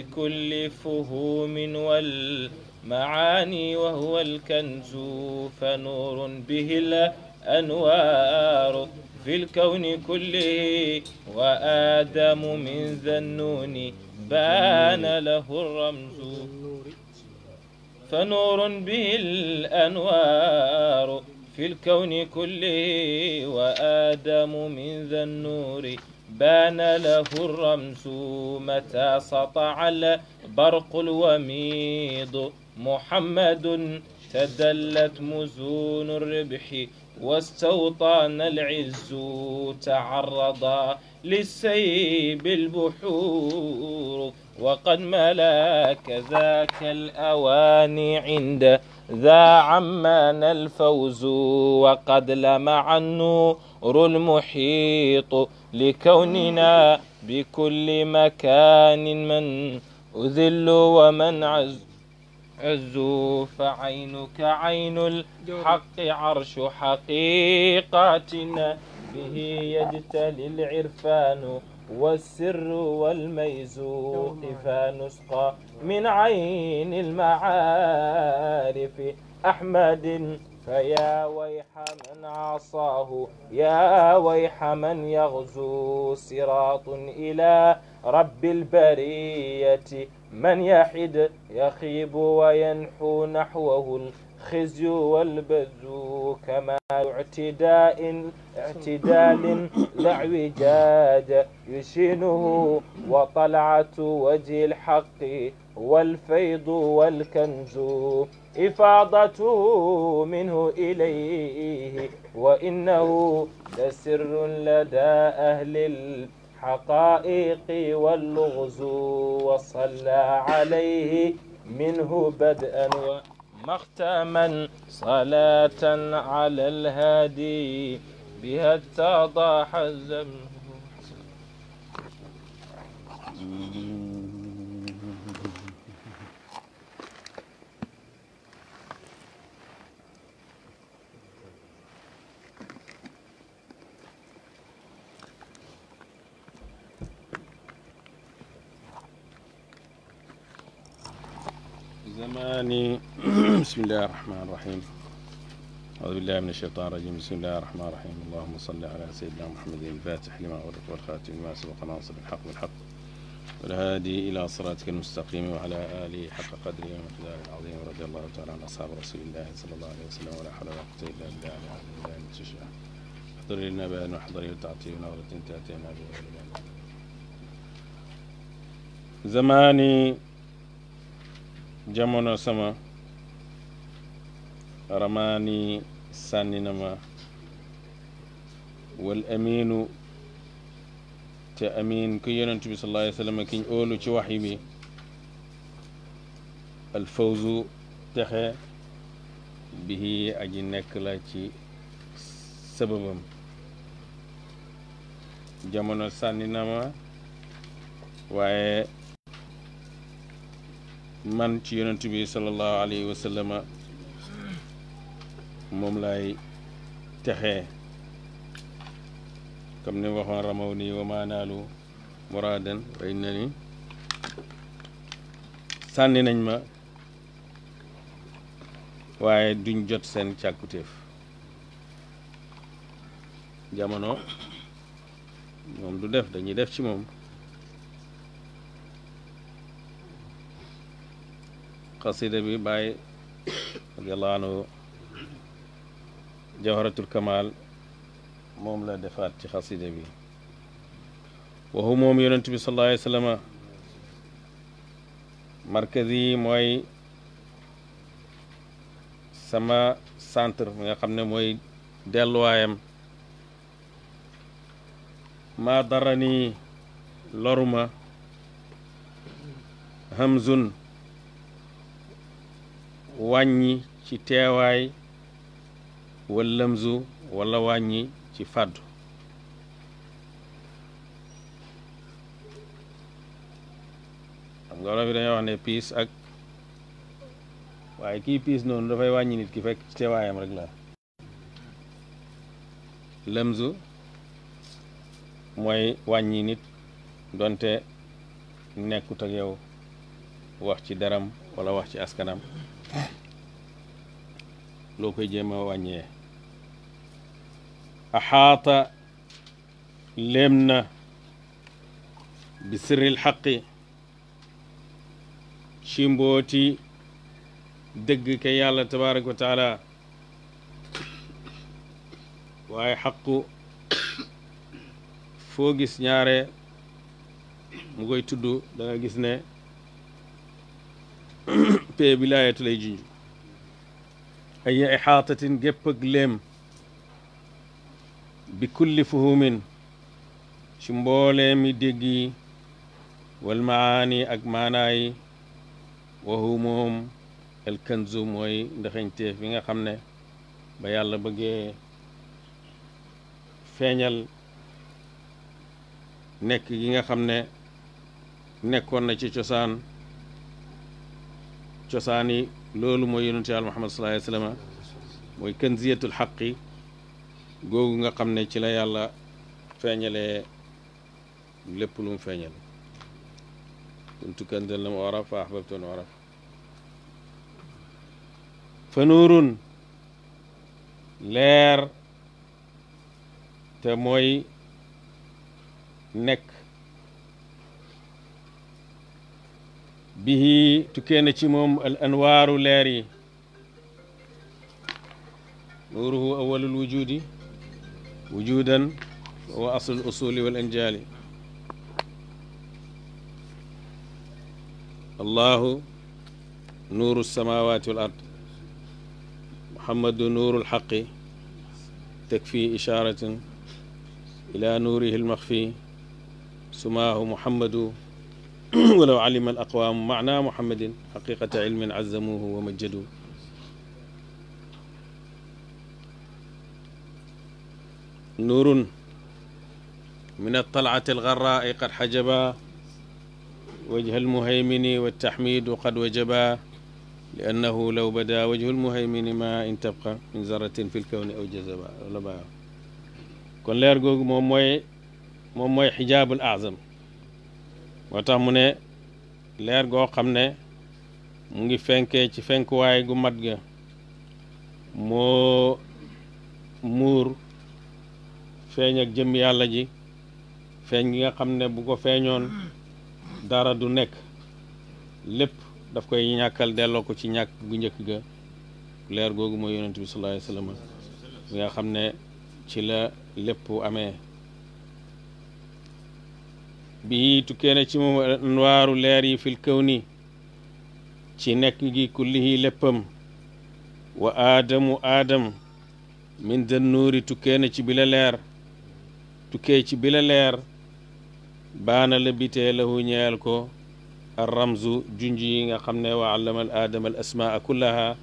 بكل فهوم والمعاني وهو الكنز فنور به الأنوار في الكون كله وآدم من ذنون بان له الرمز فنور به الأنوار في الكون كله وآدم من ذا النور بان له الرمز متى سطع البرق الوميض محمد تدلت مزون الربح واستوطان العز تعرضا للسيب البحور وقد ملا كذاك الأواني عند ذا عمان الفوز وقد لمع النور البحر المحيط لكوننا بكل مكان من أذل ومن عز عزوا فعينك عين الحق عرش حقيقتنا به يجتلي العرفان والسر والميزوق فنسقى من عين المعارف أحمد فيا ويح من عصاه يا ويح من يغزو صراط إلى رب البرية من يحد يخيب وينحو نحوه الخزي والبذو كما اعتداء اعتدال لا اعوجاج يشينه وطلعة وجه الحق والفيض والكنز إفاضته منه إليه وإنه لسر لدى أهل الحقائق واللغز وصلى عليه منه بدءا ومختما صلاة على الهادي بها اتضح الزمن يعني بسم الله الرحمن الرحيم أعوذ بالله من الشيطان الرجيم بسم الله الرحمن الرحيم اللهم صل على سيدنا محمد الفاتح لما أغلق والخاتم لما سبق ناصر الحق بالحق والهادي إلى صراطك المستقيم وعلى آله حق قدره ومقداره العظيم رضي الله تعالى عن أصحاب رسول الله صلى الله عليه وسلم ولا حول ولا قوة إلا بالله العلي العظيم الشجاع احضر لنا بأن وحضره تعطيه نظرة تأتينا بغير زماني jamono sama ramaani sànni na ma wal amiinu te amiin ku yonent bi sallallahu alayhi wa sallam kiñ óolu ci waxyi bi alfawzu texe bihi aji nekk la ci sababam jamono sànni na ma waaye man ci yonent bi sallallahu alayhi wa moom lay texe comme ni waxoon ramaw nii wa maanaalu muraadan wa inna sànni nañ ma waaye duñ jot seen càkkutéef jamono moom du def dañuy def ci moom xasida bi bàyyi radiallahu anhu jawharatul kamal moom la defaat ci xasida bi waxu moom yonent bi sallallahu alayhi wa sallama markaz yi mooy sama centre mi nga xam ne mooy delluwaayam maa dara ni loruma hamzun wàññi ci teewaay wala lëmzu wala wàññi ci fàddu xam nga wolof yi dañoo wax ne piis ak waaye kii piis noonu dafay wàññi nit ki fekk ci teewaayam rek la lëmzu mooy wàññi nit donte nekkut ak yow wax ci deram walla wax ci askanam looko koy jéem a wàññee axaata léem na bi sirril xaqi ci mbooti dëgg ke yàlla tabaraka wa taala waaye xaqu foo gis ñaare mu koy tudd da gis ne jàppee wilaayatu lay junj ay ya ixaatatin gépp ak léem bi kulli fuhumin ci mboolee mi dégg yi wal maani ak maanaa yi waxu moom el kanzu mooy ndaxañteef bi nga xam ne ba yàlla bëggee feeñal nekk gi nga xam ne nekkoon na ci cosaan cosaani loolu mooy yonentu yàlla Muhammad sallallahu alayhi wasallam mooy kanziyatul xaqi googu nga xam ne ci la yàlla feeñalee lépp lu mu feeñal kuntu kanzan lam u'raf fa ahbabtu an u'raf fa nuurun leer te mooy nekk bihi tukkee na ci moom al anwaaru leer yi nuuruhu awalul wujudi wujudan wa aslul usuli wal anjaali allahu nuuru samawati wal ard muhammadu nuurul xaqi takfi ishaaratin ila nuurihi almaxfi sumaahu muhammadu walaw alima al aqwaamu maana muhammadin xaqiqata ilmin azzamuhu wa majjadu nuurun min altalcati algarraai qad xajaba wajha almuhaymini waltaxmidu qad wajaba liannahu law bada wajhu almuhaymini ma in tabqa min zaratin fi lkawni aw jazaba la baa kon leer googu moom mooy moom mooy xijaabul azam moo tax mu ne leer goo xam ne mu ngi fenkee ci fenkuwaay gu mat ga moo muur feeñ ak jëm yàlla ji feeñ gi nga xam ne bu ko feeñoon dara du nekk lépp daf koy ñàkkal delloo ko ci ñàkk gu njëkk ga leer googu mooy yonent bi sallallahu alayhi wasallam nga xam ne ci la lépp amee bi tukkee na ci moom anwaaru leer yi fil kawni ci nekk gi kullihi léppam wa aadamu aadam min dan nuuri tukkee na ci bila leer tukkee ci bila leer baana la bitee lahu ñeel ko arramzu junj yi nga xam ne wa allama al aadama al asmaa kullaha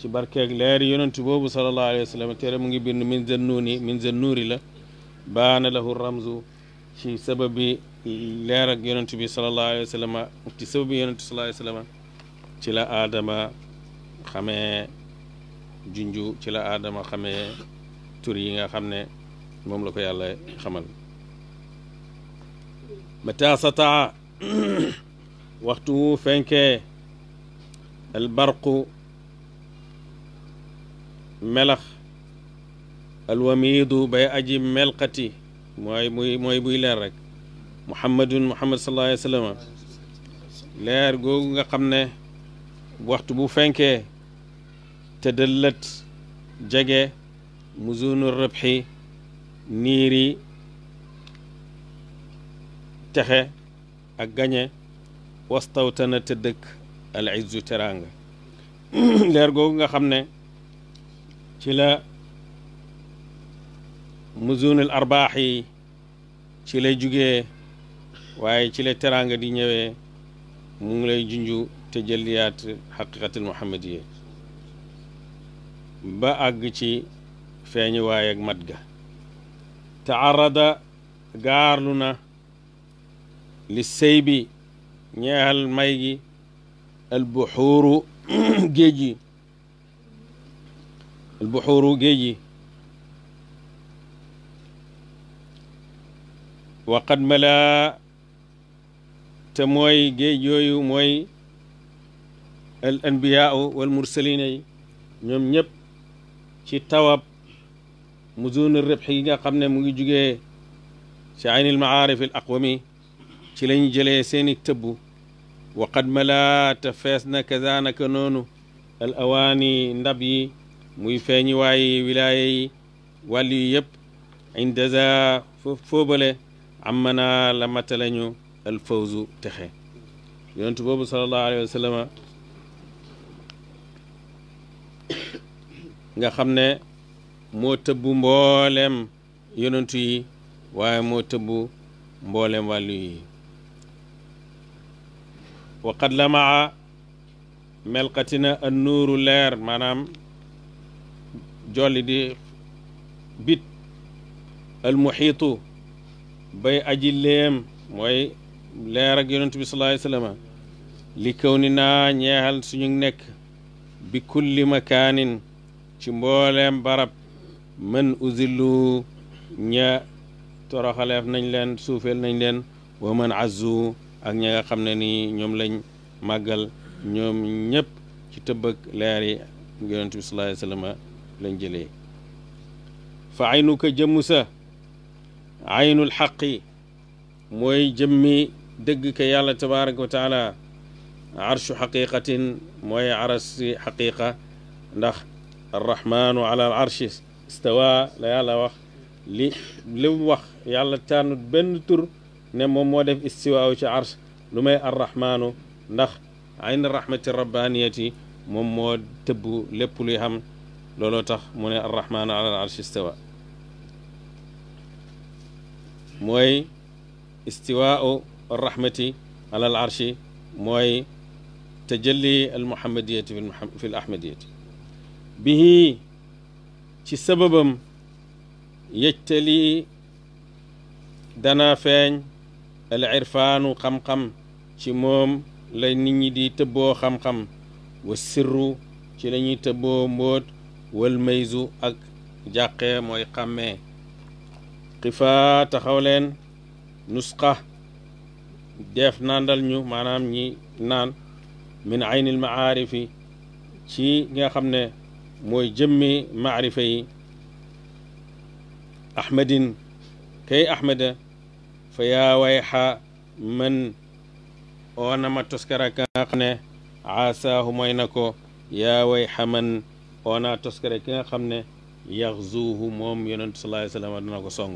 ci barkeeg leer yonentu boobu sallallahu alayhi wa tere mu ngi bind min zan nuuni min la baana lahu ramzu ci sababi leer ak yonent bi sallallahu alayhi wa sallam ci sëb bi yonent sallallahu alayhi wa sallam ci la aadama xamee junju ci la aadama xamee tur yi nga xam ne moom la ko yàlla xamal mata sataa waxtu wu fenkee albarqu melax alwamiidu bay aji melqati mooy muy mooy buy leer rek muhammadun muhammad sallallahu alayhi wa sallam leer googu nga xam ne waxtu bu fenke te dëllët jege muzunu rëbxi niiri texe ak gañe wastawtana te dëkk al izzu teranga leer googu nga xam ne cila la muzunul arbaax yi ci lay jugee waaye ci la teraanga di ñëwee mu ngi lay junju te jëliyaat xaqiqatul muhammadiya ba àgg ci feeñu waaye ak mat ga taarada gaarlu na li sëy bi ñeexal may gi albuxuuru géej gi albuxuuru waqad mala te mooy géej yooyu mooy al anbiyaau wal mursalina yi ñoom ñëpp ci tawab mu zunul rëbxi yi nga xam ne mu ngi jugee ci aynil maarif al aqwami ci lañ jëlee seeni tëbb wa qad malaata fees na kazanaka noonu al awaani ndab yi muy feeñi waayi wilaaya yi wàll yu yëpp indaza foof foobale amana la matalañu alfawzu texe yonent boobu sallallahu alayhi wa sallam nga xam ne moo tëbb mbooleem yonentu yi waaye moo tëbb mbooleem wàllu yi waqat la maa melqatina an nuuru leer maanaam jolli di bit almuxiitu bay aji léem mooy leer ak yonent bi sallallahu li kaw ni naa ñeexal suñu nekk bi kulli makaanin ci mbooleem barab mën uzillu ña toroxaleef nañ leen suufeel nañ leen wa mën azzu ak ña nga xam ne ni ñoom lañ màggal ñoom ñépp ci tëbbëg leer yi yonent bi sallallahu lañ jëlee fa aynuka jëmmu sa aynul xaqi mooy jëmmi dëgg ka yàlla tabaraka wa taala arshu xaqiqatin mooy arasi xaqiqa ndax arrahmanu ala al arshi istawa la yàlla wax li li mu wax yàlla tànnut benn tur ne moom moo def istiwaaw ci arsh lu may arrahmaanu ndax ayn rahmati rabbaniyati moom moo tëbb lépp luy xam looloo tax mu ne arrahmaanu ala al arshi istawa mooy istiwaaw rahmati ala al mooy tajalli al muhammadiyati fi l ahmadiyati bihi ci sababam li dana feeñ al irfaanu xam-xam ci moom la nit ñi di tëboo xam-xam wa sirru ci lañuy tëboo tëbboo mbóot wal mayzu ak jàqee mooy xàmmee xifaa taxaw leen nusqa def naandal ñu maanaam ñi naan min aynil maarifi ci nga xam ne mooy jëmmi maarifa yi ahmadin kay ahmada fa yaa wayxa man oonama toskara ka xam ne aasaahu mooy na ko yaa wayxa ki nga xam ne yaxzuuhu moom yonentu sallallahu ko song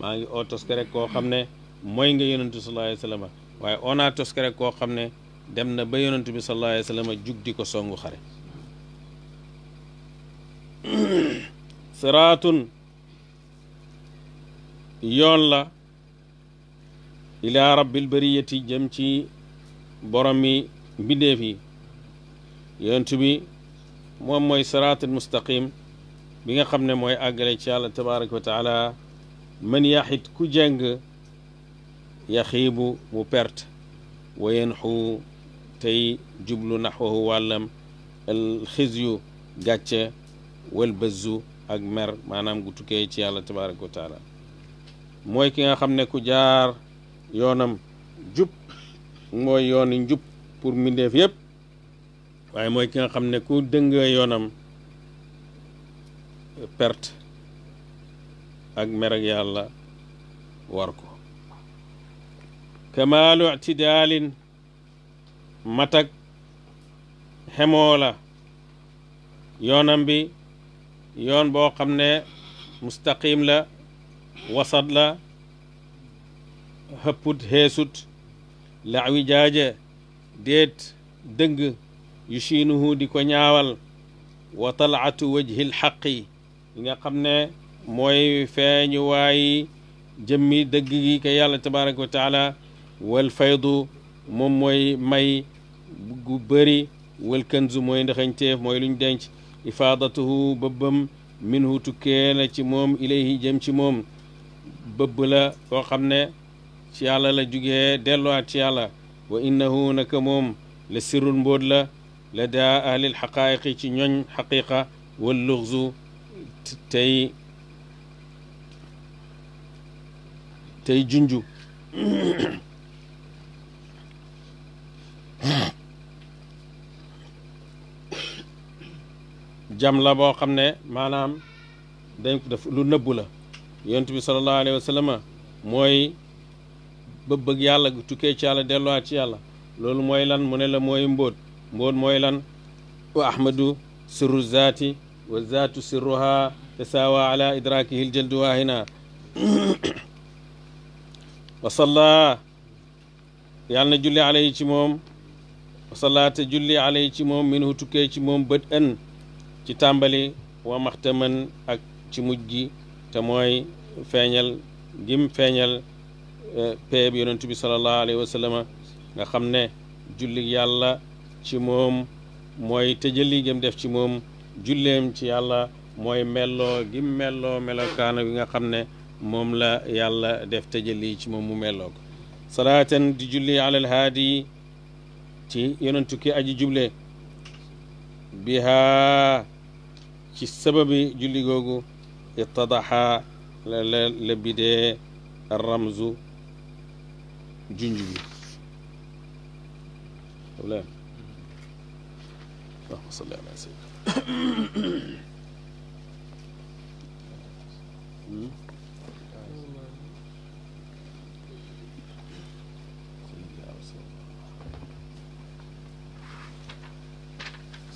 maa ngi oo toskare koo xam ne mooy nga yonent bi sallallahu alayhi wa waaye on a koo xam ne dem na ba yonent bi sallallahu alayhi wa jug di ko songu xare siraatun yoon la ila rabbil bariyati jëm ci borom mi mbindeef bi moom mooy siraatul mustaqim bi nga xam ne mooy àggale ci yàlla tabaraka wa taala man yaxit ku jàng yaxiibu mu perte wayen xuu tey jublu naxwahu wàllam al xisyu gàcce wal bëzzu ak mer maanaam gu tukkee ci yàlla tabaraka wa taala mooy ki nga xam ne ku jaar yoonam jub mooy yooni njub pour mbindeef yépp waaye mooy ki nga xam ne ku dënga yoonam perte ak mer ak yàlla war ko kamaalu i'tidaalin matak xemoo la yoonam bi yoon boo xam ne mustaqim la wasat la xëpput xeesut laawi jaaje dëng yu siinuhu di ko ñaawal wa talaatu wajhi lxaqi yi nga xam ne mooy feeñu waayi jëmmi dëgg gi ka yàlla tabaraka wa wal faydu moom mooy may gu bëri wal kanzu mooy ndaxañteef mooy luñ denc ifaadatuhu bëbbam minhu tukkee ci moom ilayhi jëm ci moom bëbb foo xam ne ci la jugee delluwaat ci yàlla wa innahu naka moom la sirul mbóot la la daa ahlil xaqaayiqi ci ñoñ xaqiqa wal luxzu tey tey junju jam la boo xam ne maanaam dañ ko def lu nëbbu la yonent bi sallallahu alayhi wa mooy bëgg yàlla gu tukkee ci yàlla delluwaat ci yàlla loolu mooy lan mu ne la mooy mbóot mbóot mooy lan wa ahmadu sirru zaati wa zaatu sirruha tasaawa ala idrakihi ljaldu waahina wa salla yàlla julli alayhi ci moom minhu tukkee moom bët ën ci tàmbali wa man ak ci mujj gi te mooy feeñal gim feeñal eh, peeb yonentu bi sallallahu alayhi wa nga xam ne julli yàlla ci moom mooy tëjali gëm def ci moom julleem ci yàlla mooy melloo gim melloo melokaana bi nga xam ne moom la yàlla def tëjali ci moom mu melloo ko salaatan di julli alal haadi ci yonentu ki aji juble biha ci sababi julli googu ittadaxa la la la bidee ramzu junj bi allahumma salli ala sayyidina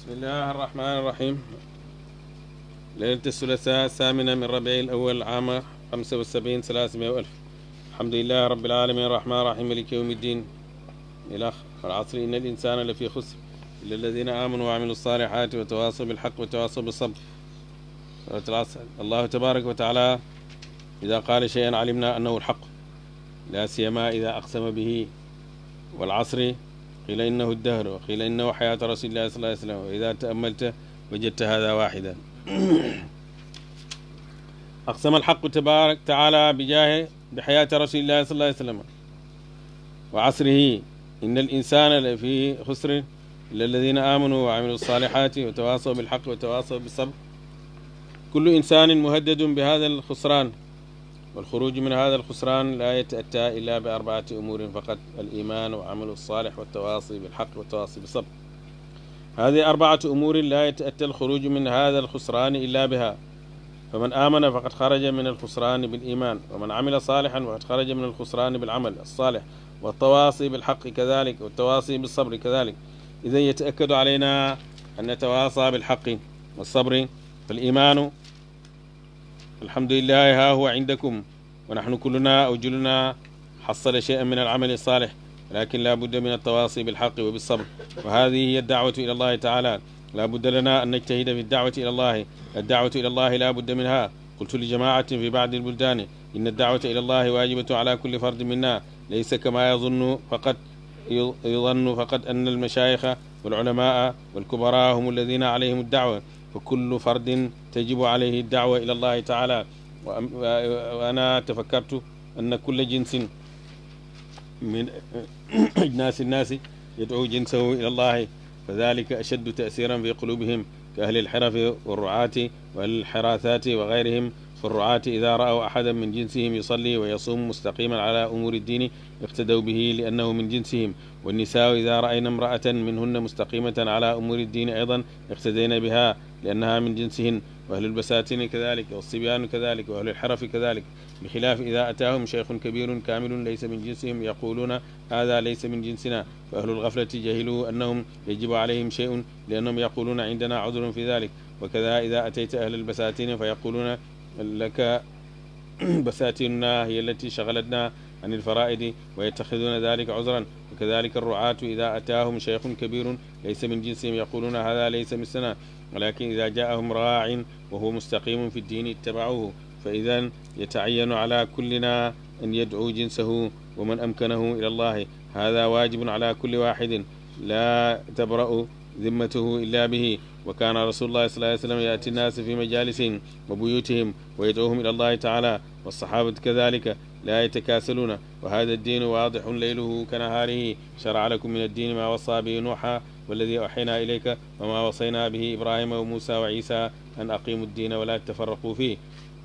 bismillah arrahman irrahim ليلة الثلاثاء الثامنة من ربيع الأول عام خمسة وسبعين ثلاثمائة وألف الحمد لله رب العالمين الرحمن الرحيم ملك يوم الدين إلى والعصر إن الإنسان لفي خسر إلا الذين آمنوا وعملوا الصالحات وتواصوا بالحق وتواصوا بالصبر العصر الله تبارك وتعالى إذا قال شيئا علمنا أنه الحق لا سيما إذا أقسم به والعصر qiila innahu dahru wa qiila innahu xayaatu rasulillahi sala llaahu alayhi wa sallam wa ida taamalta wajadta hada waaxidan aqsama alxaqu tabaaraka wa taala bijaahi bi xayaati rasulillahi sala llaahu alayhi wa sallam wa casrihi inna alinsana la fi xusrin illa alladina aamanu wa camilu alsaalixaati wa tawaasaw bilxaqi wa tawaasaw bisabr kullu insanin muhaddadun bi hada alxusraan والخروج من هذا الخسران لا يتأتى إلا بأربعة أمور فقط الإيمان والعمل الصالح والتواصي بالحق والتواصي بالصبر هذه أربعة أمور لا يتأتى الخروج من هذا الخسران إلا بها فمن آمن فقد خرج من الخسران بالإيمان ومن عمل صالحا فقد خرج من الخسران بالعمل الصالح والتواصي بالحق كذلك والتواصي بالصبر كذلك إذا يتأكد علينا أن نتواصى بالحق والصبر فالإيمان alhamdulilahi ha huwa indakum wa nahnu kulluna aw juluna xasala cheyan min alamali saalih lakin la budda min altawaasi bilxaqi wa bilsabr wa hadihi hiya daawatu ila allahi taala la budda lana an najtahida fi daawati ila allahi addaawatu ila allahi la budda minha قلت لجماعة في بعض البلدان إن الدعوة إلى الله واجبة على كل فرد منا ليس كما يظن فقط يظن فقط أن المشايخ والعلماء والكبراء هم الذين عليهم الدعوة fa kullu fardin tajibu alayhi daawa ila allahi taala wa ana tafakkartu anna kulla jinsin min ajnaasi annaasi yad'u jinsahu ila allahi fa dalika ashaddu tasiran fi qulubihim ka ahli alxirafi wa ruaati wa ahli alxiraasaati wa gayrihim fi ruaati ida ra'aw ahadan min jinsihim yusalli wa yasuum mustaqiman ala umuuri ddiini iqtadaw bihi li annahu min jinsihim والنساء إذا رأينا امرأة منهن مستقيمة على أمور الدين أيضا اقتدينا بها لأنها من جنسهن وأهل البساتين كذلك والصبيان كذلك وأهل الحرف كذلك بخلاف إذا أتاهم شيخ كبير كامل ليس من جنسهم يقولون هذا ليس من جنسنا فأهل الغفلة جهلوا أنهم يجب عليهم شيء لأنهم يقولون عندنا عذر في ذلك وكذا إذا أتيت أهل البساتين فيقولون لك بساتيننا هي التي شغلتنا عن الفرائض ويتخذون ذلك عذرا وكذلك الرعاة إذا أتاهم شيخ كبير ليس من جنسهم يقولون هذا ليس مثلنا ولكن إذا جاءهم راع وهو مستقيم في الدين اتبعوه فإذا يتعين على كلنا أن يدعو جنسه ومن أمكنه إلى الله هذا واجب على كل واحد لا تبرأ ذمته إلا به wa kaana rasulullahi sallallahu alayhi wa sallam yaati nnaasa fi majalisihim wa buyutihim wa yadcuuhum ila allahi taala والصحابة كذلك لا يتكاسلون وهذا الدين واضح ليله كنهاره شرع لكم من الدين ما وصى به نوحا والذي أوحينا إليك وما وصينا به إبراهيم وموسى وعيسى أن أقيموا الدين ولا تفرقوا فيه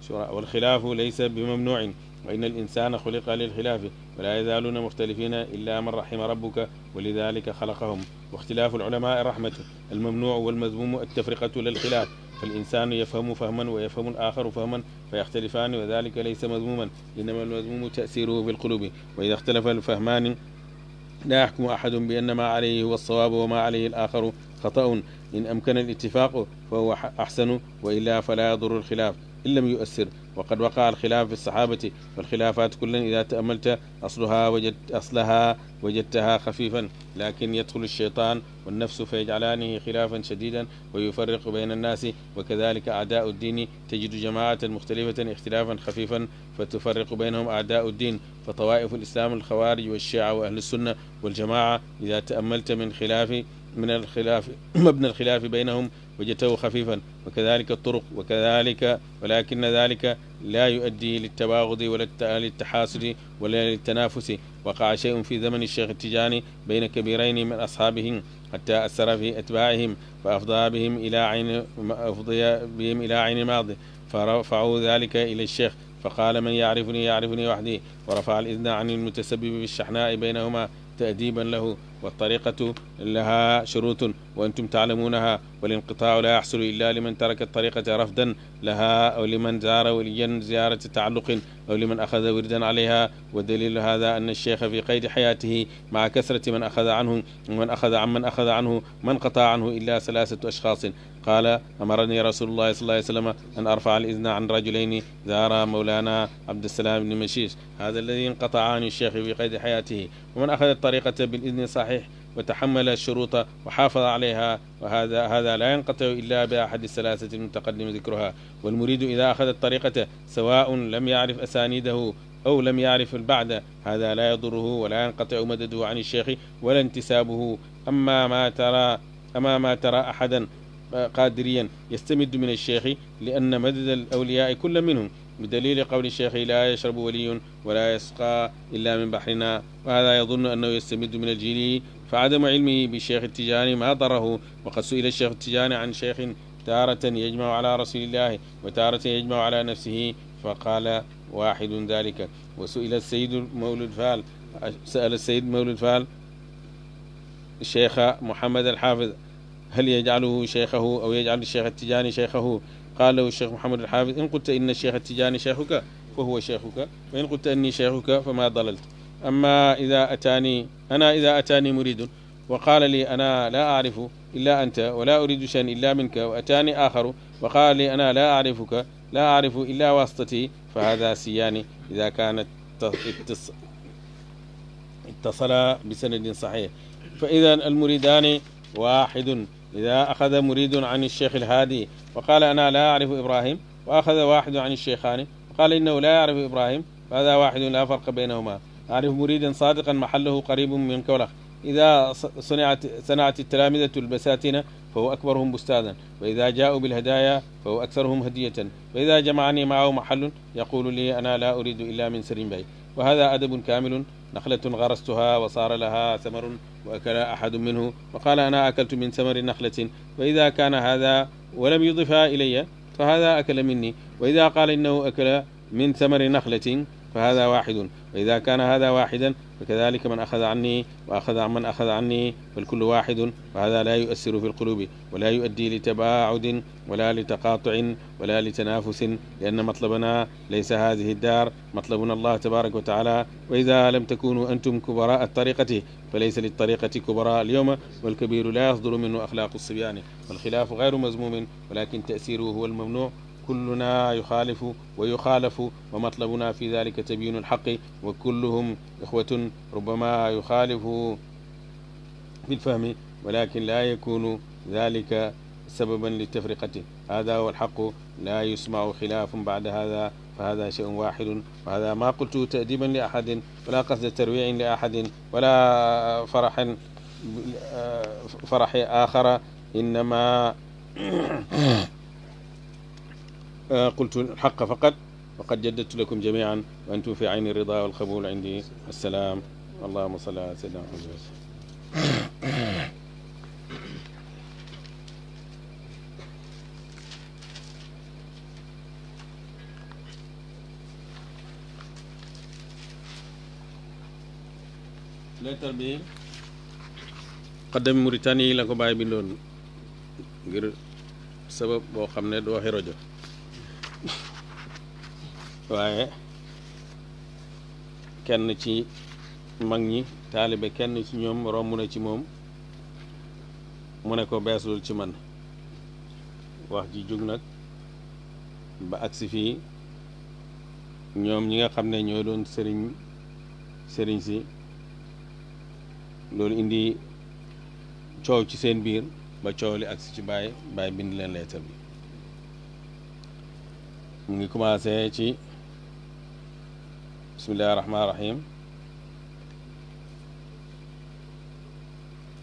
والخلاف ليس بممنوع wa inna al insana xuliqa lil xilaafi walaa yazaaluuna muxtalifina illa man raxima rabuka wa lidalika xalaqahum wa ixtilaafu alulama rahmati almamnuucu walmazmuumu altafriqatu lil xilaaf فالإنسان يفهم فهما ويفهم الآخر فهما فيختلفان وذلك ليس مذموما إنما المذموم تأثيره بالقلوب وإذا اختلف الفهمان لا يحكم أحد بأن ما عليه هو الصواب وما عليه الآخر خطأ in amkana al-ittifaqu fa huwa ahsanu wa illaa fala yadurru al-xilaaf in lam yu'assir wa qad waqa'a al-xilaaf fi as-saxaabati wal-xilaafaat kullan idaa ta'ammalta aslahaa wajadta aslahaa wajadtahaa xafiifan laakin yadxulu ash-shaytaan wan-nafsu fa yajcalaanihi xilaafan shadiidan wa yufarriqu bayna an-naasi wa kadaalika a'daa'u ad-diini tajidu jamaa'atan mukhtalifatan ixtilaafan xafiifan fa tufarriqu baynahum a'daa'u ad-diin fa tawaa'ifu al-islaam al-xawaarij wash-shiica wa ahlu as-sunna wal-jamaaca idaa ta'ammalta min xilaafi من الخلاف مبنى الخلاف بينهم وجدته خفيفا وكذلك الطرق وكذلك ولكن ذلك لا يؤدي للتباغض ولا للتحاسد ولا للتنافس وقع شيء في زمن الشيخ التجاني بين كبيرين من أصحابه حتى أثر في أتباعهم فأفضى بهم إلى عين أفضي بهم إلى عين الماضي فرفعوا ذلك إلى الشيخ فقال من يعرفني يعرفني وحدي ورفع الإذن عن المتسبب بالشحناء بينهما تأديبا له والطريقة لها شروط وأنتم تعلمونها والانقطاع لا يحصل إلا لمن ترك الطريقة رفدا لها أو لمن زار وليا زيارة تعلق أو لمن أخذ وردا عليها ودليل هذا أن الشيخ في قيد حياته مع كثرة من أخذ عنه ومن أخذ عمن أخذ عنه من قطع عنه إلا ثلاثة أشخاص qaala amarani rasulullahi sallallahu alayhi wa sallam an arfa'a al-izna an rajulayni zaara mawlana abdussalam ibni mashish hada alladi inqata'a an ash-shaykh fi qaydi hayatihi wa man akhadha at-tariqata bil-izni sahih وتحمل الشروط وحافظ عليها وهذا هذا لا ينقطع الا باحد الثلاثه المتقدم ذكرها والمريد اذا اخذ الطريقه سواء لم يعرف اسانيده أو لم يعرف البعد هذا لا يضره ولا ينقطع مدده عن الشيخ ولا انتسابه أما ما ترى أما ما ترى أحدا قادريا يستمد من الشيخ لأن مدد الأولياء كل منهم بدليل قول الشيخ لا يشرب ولي ولا يسقى إلا من بحرنا وهذا يظن أنه يستمد من الجيل فعدم علمه بالشيخ التجاني ما ضره وقد سئل الشيخ التجاني عن شيخ تارة يجمع على رسول الله وتارة يجمع على نفسه فقال واحد ذلك وسئل السيد مولد فال سأل السيد مولد فال الشيخ محمد الحافظ hal yajcaluhu cheikhahu aw yajcalu cheikh tijaani cheikhahu qaala lahu cheikh mohamad alxaafis in qulta inna cheikh tijaani cheikhuka fa huwa cheikhuka wa in qulta anni cheikhuka fa ma dalalt amma ida ataani ana ida ataani muridun wa qaala li ana laa acrifu illa anta wa laa uridu shan illa minka wa ataani axaru wa qaala li ana laa acrifuka laa acrifu illa wasitati fa hada siyaani ida kaana ittasala bisanadin saxiix fa idan almuridaani waaxidun إذا أخذ مريد عن الشيخ الهادي وقال أنا لا أعرف إبراهيم وأخذ واحد عن الشيخان وقال إنه لا يعرف إبراهيم فهذا واحد لا فرق بينهما أعرف مريدا صادقا محله قريب من كولخ إذا صنعت صنعت التلامذة البساتين فهو أكبرهم بستانا وإذا جاءوا بالهدايا فهو أكثرهم هدية وإذا جمعني معه محل يقول لي أنا لا أريد إلا من سرين بي وهذا أدب كامل نخلة غرستها وصار لها ثمر وأكل أحد منه فقال أنا أكلت من ثمر نخلة وإذا كان هذا ولم يضفها إلي فهذا أكل مني وإذا قال إنه أكل من ثمر نخلة فهذا واحد فإذا كان هذا واحدا فكذلك من أخذ عني وأخذ من أخذ عني فالكل واحد وهذا لا يؤثر في القلوب ولا يؤدي لتباعد ولا لتقاطع ولا لتنافس لأن مطلبنا ليس هذه الدار مطلبنا الله تبارك وتعالى وإذا لم تكونوا أنتم كبراء الطريقة فليس للطريقة كبراء اليوم والكبير لا يصدر منه أخلاق الصبيان والخلاف غير مذموم ولكن تأثيره هو الممنوع kulluna yuxaalifu wa yuxaalafu wa matlabuna fi dalika tabiinu alxaqi wa kulluhum ixwatun rubama yuxaalifu fi lfahmi walakin laa yakunu dalika sababan litafriqati hada huwa alxaqu laa yusmacu xilaafun bacda hada فهذا شيء واحد وهذا ما قلت تأديبا لأحد ولا قصد ترويع لأحد ولا فرح فرح آخر إنما qultu xaqa faqat waqad jaddadtu lakum jamian wa antum fi ayni rida walqabul indi assalaam allahuma salli ala sayyidina muhammad leetar bi xaddami Mauritanie la ko bàyyi bindoon ngir sabab boo xam ne du waxi rajo waaye kenn ci mag ñi taalibe kenn ci ñoom romb na ci moom mu ne ko beesul ci man wax ji jóg nag ba agsi fii ñoom ñi nga xam ne ñoo doon sëriñ sëriñ si loolu indi coow ci seen biir ba coow li agsi ci baay baay bind leen leetar bi mu ngi commencé ci bismillahi rahmaani rahim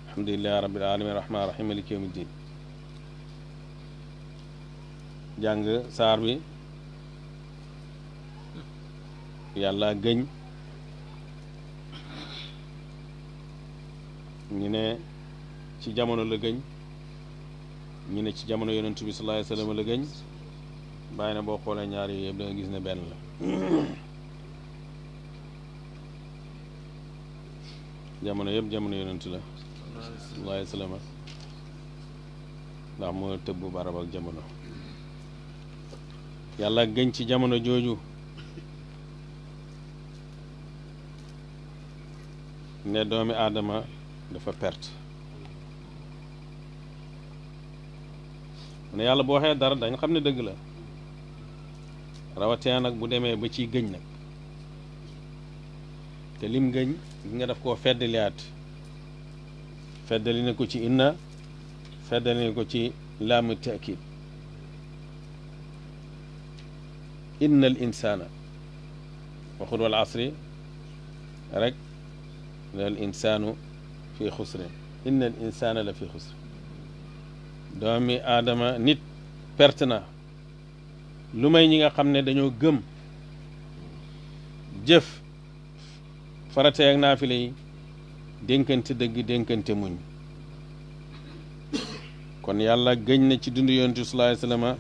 alhamdulilahi rabbil alamin rahmaani rahim maliki yawmi jàng saar bi yàlla gëñ ñu ne ci jamono la gëñ ñu ne ci jamono yonentu bi sallallahu alayhi wa la gëñ bàyyi na boo xoolee ñaar yëpp da gis ne benn la jamono yëpp jamono yonent la sallallahu alayhi wa sallam ndax moo tëbb barab ak jamono yàlla gën ci jamono jooju ne doomi aadama dafa perte mu ne yàlla bu waxee dara dañ xam ne dëgg la rawatina nag bu demee ba ciy gëñ nag te lim gëñ gi nga daf koo feddaliyaat feddali na ko ci inna feddali na ko ci laamu taakid inna al insana waxul wal asri rek al insaanu fi xusrin inna al insana la fi xusrin doomi aadama nit perte na lu may ñi nga xam ne dañoo gëm jëf faratee ak naafile yi dénkante dëgg dénkante muñ kon yàlla gëñ na ci dund yonent sallallahu alayhi wasallam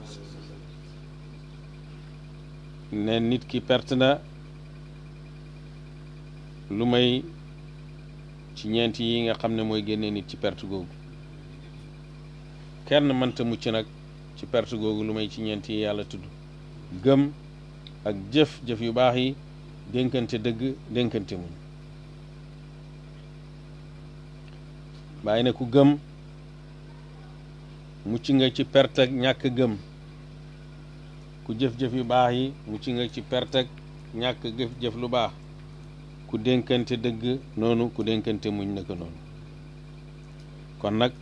ne nit ki perte na lu may ci ñeent yi nga xam ne mooy génne nit ci perte googu kenn mënta mucc nag ci perte googu lu may ci ñeent yi yàlla tudd gëm ak jëf jëf yu baax yi dénkante dëgg dénkante muñ bàyyi ne ku gëm mucc nga ci perte ak ñàkk gëm ku jëf-jëf yu baax yi mucc nga ci perte ak ñàkk jëf lu baax ku dénkante dëgg noonu ku dénkante muñ naka noonu kon nag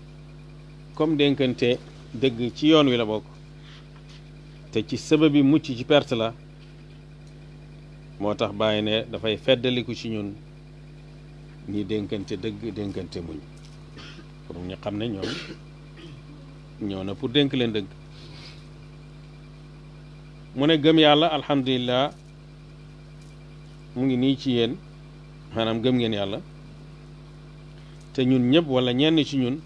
comme dénkante dëgg ci yoon wi la bokk te ci sababi mucc ci perte la moo tax bàyyi ne dafay feddaliku ci ñun ñi dénkante dëgg dénkante muñ pour ñu xam ne ñoom ñëw na pour dénk leen dëgg mu ne gëm yàlla alhamdulilah mu ngi nii ci yéen maanaam gëm ngeen yàlla te ñun ñëpp wala ñenn ci ñun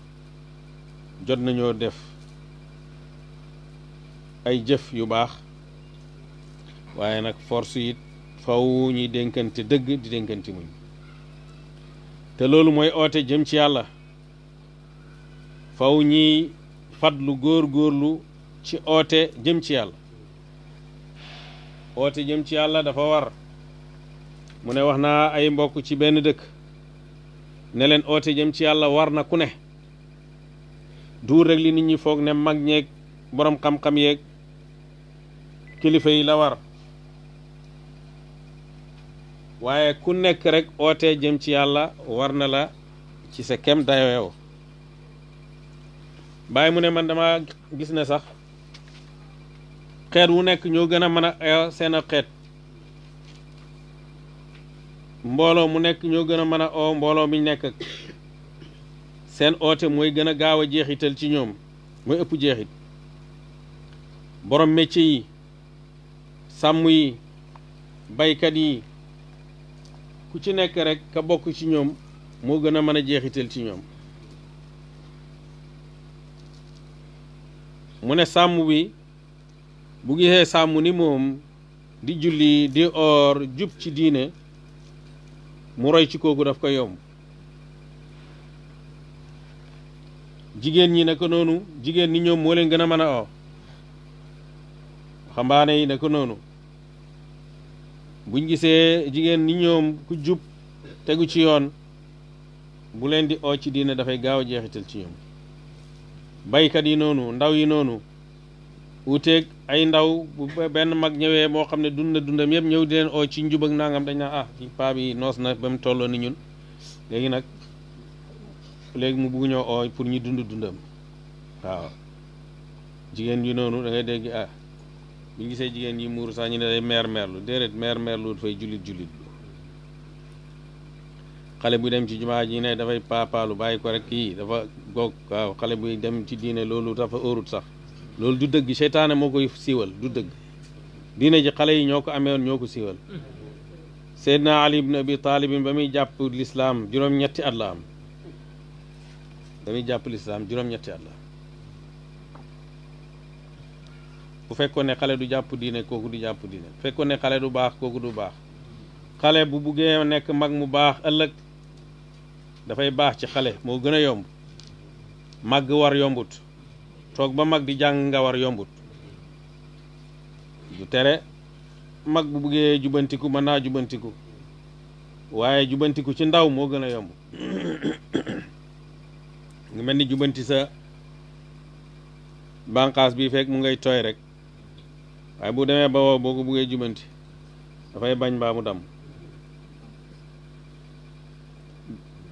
jot nañoo def ay jëf yu baax waaye nag force yi faw ñuy dénkante dëgg di dénkante muñ te loolu mooy oote jëm ci yàlla faw ñii fadlu góor-góorlu ci oote jëm ci yàlla oote jëm ci àlla dafa war mu ne wax naa ay mbokk ci benn dëkk ne leen oote jëm ci àlla war na ku ne duur rek li nit ñi foog ne mag ñeeg boroom xam-xam yeeg kilifa yi la war waaye ku nekk rekk oote jëm ci àlla war na la ci sa kem bàyyi mu ne man dama gis ne sax xeet wu nekk ñoo gën a mën a seen a xeet mbooloo mu nekk ñoo gën a mën a o mbooloo miñ nekk ak seen oote mooy gën a gaaw a jeexital ci ñoom mooy ëpp jeexit borom métier yi sàmm yi baykat yi ku ci nekk rek ka bokk ci ñoom moo gën a mën a jeexital ci ñoom mu ne sàmm bi bu gisee sàmm ni moom di julli di oor jub ci diine mu roy ci kooku daf ko yomb jigéen ñi naka noonu jigéen ñi ñoom moo leen gën a mën a oo xambaane yi naka noonu buñ gisee jigéen ni ñoom ku jub tegu ci yoon bu leen di oo ci diine dafay gaaw a jeexital ci ñoom baykat yi noonu ndaw yi noonu wuuteeg ay ndaw bu benn mag ñëwee boo xam ne dund na dundam yëpp ñëw di leen oo ci njub ak nangam dañ naa ah paa bi noos na ba mu tolloo ni ñun léegi nag léegi mu bugg ñoo oo pour ñu dund dundam waaw jigéen yi noonu da dégg ah bu ñu gisee jigéen yi muuru sax ñu ne day meer meerlu déedéet meer meerlu fay jullit jullit. xale bu dem ci jumaa ji ne dafay paapaalu bàyyi ko rek kii dafa goog waaw xale buy dem ci diine loolu dafa óorut sax loolu du dëgg seytaane moo koy siiwal du dëgg diine ji xale yi ñoo ko ameewoon ñoo ko siiwal seydna ali ibn abi taalibin ba muy jàpp lislaam juróom-ñetti at la am ba jàpp lislaam juróom at la bu fekkoon ne xale du jàpp diine kooku du jàpp diine fekkoon ne xale du baax kooku du baax xale bu buggee nekk mag mu baax ëllëg dafay baax ci xale moo gën a yomb màgg war yombut toog ba mag di jàng nga war yombut du tere mag bu buggee jubantiku mën naa jubantiku waaye jubantiku ci ndaw moo gën a yomb ngi mel ni jubanti sa bànqaas bi fekk mu ngay tooy rek waaye bu demee ba wow boo ko buggee jubanti dafay bañ mbaa mu dam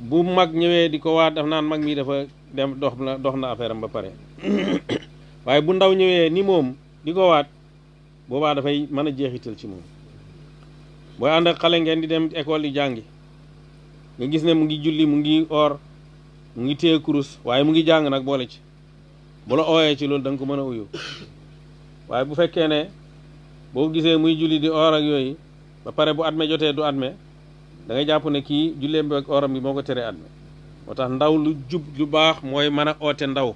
bu mag ñëwee di ko waa daf naan mag mi dafa dem dox na dox na am ba pare waaye bu ndaw ñëwee ni moom di ko waat boobaa dafay mën a jeexital ci moom booy ànd xale ngeen di dem école di jàngi nga gis ne mu ngi julli mu ngi or mu ngi téye kurus waaye mu ngi jàng nag boole ci bu la ooyee ci loolu danga ko mën a uyu waaye bu fekkee ne boo gisee muy julli di or ak yooyu ba pare bu at me jotee du at dangay jàpp ne kii julleem bi ak oram bi moo ko tere admi moo tax ndaw lu jub lu baax mooy man a oote ndaw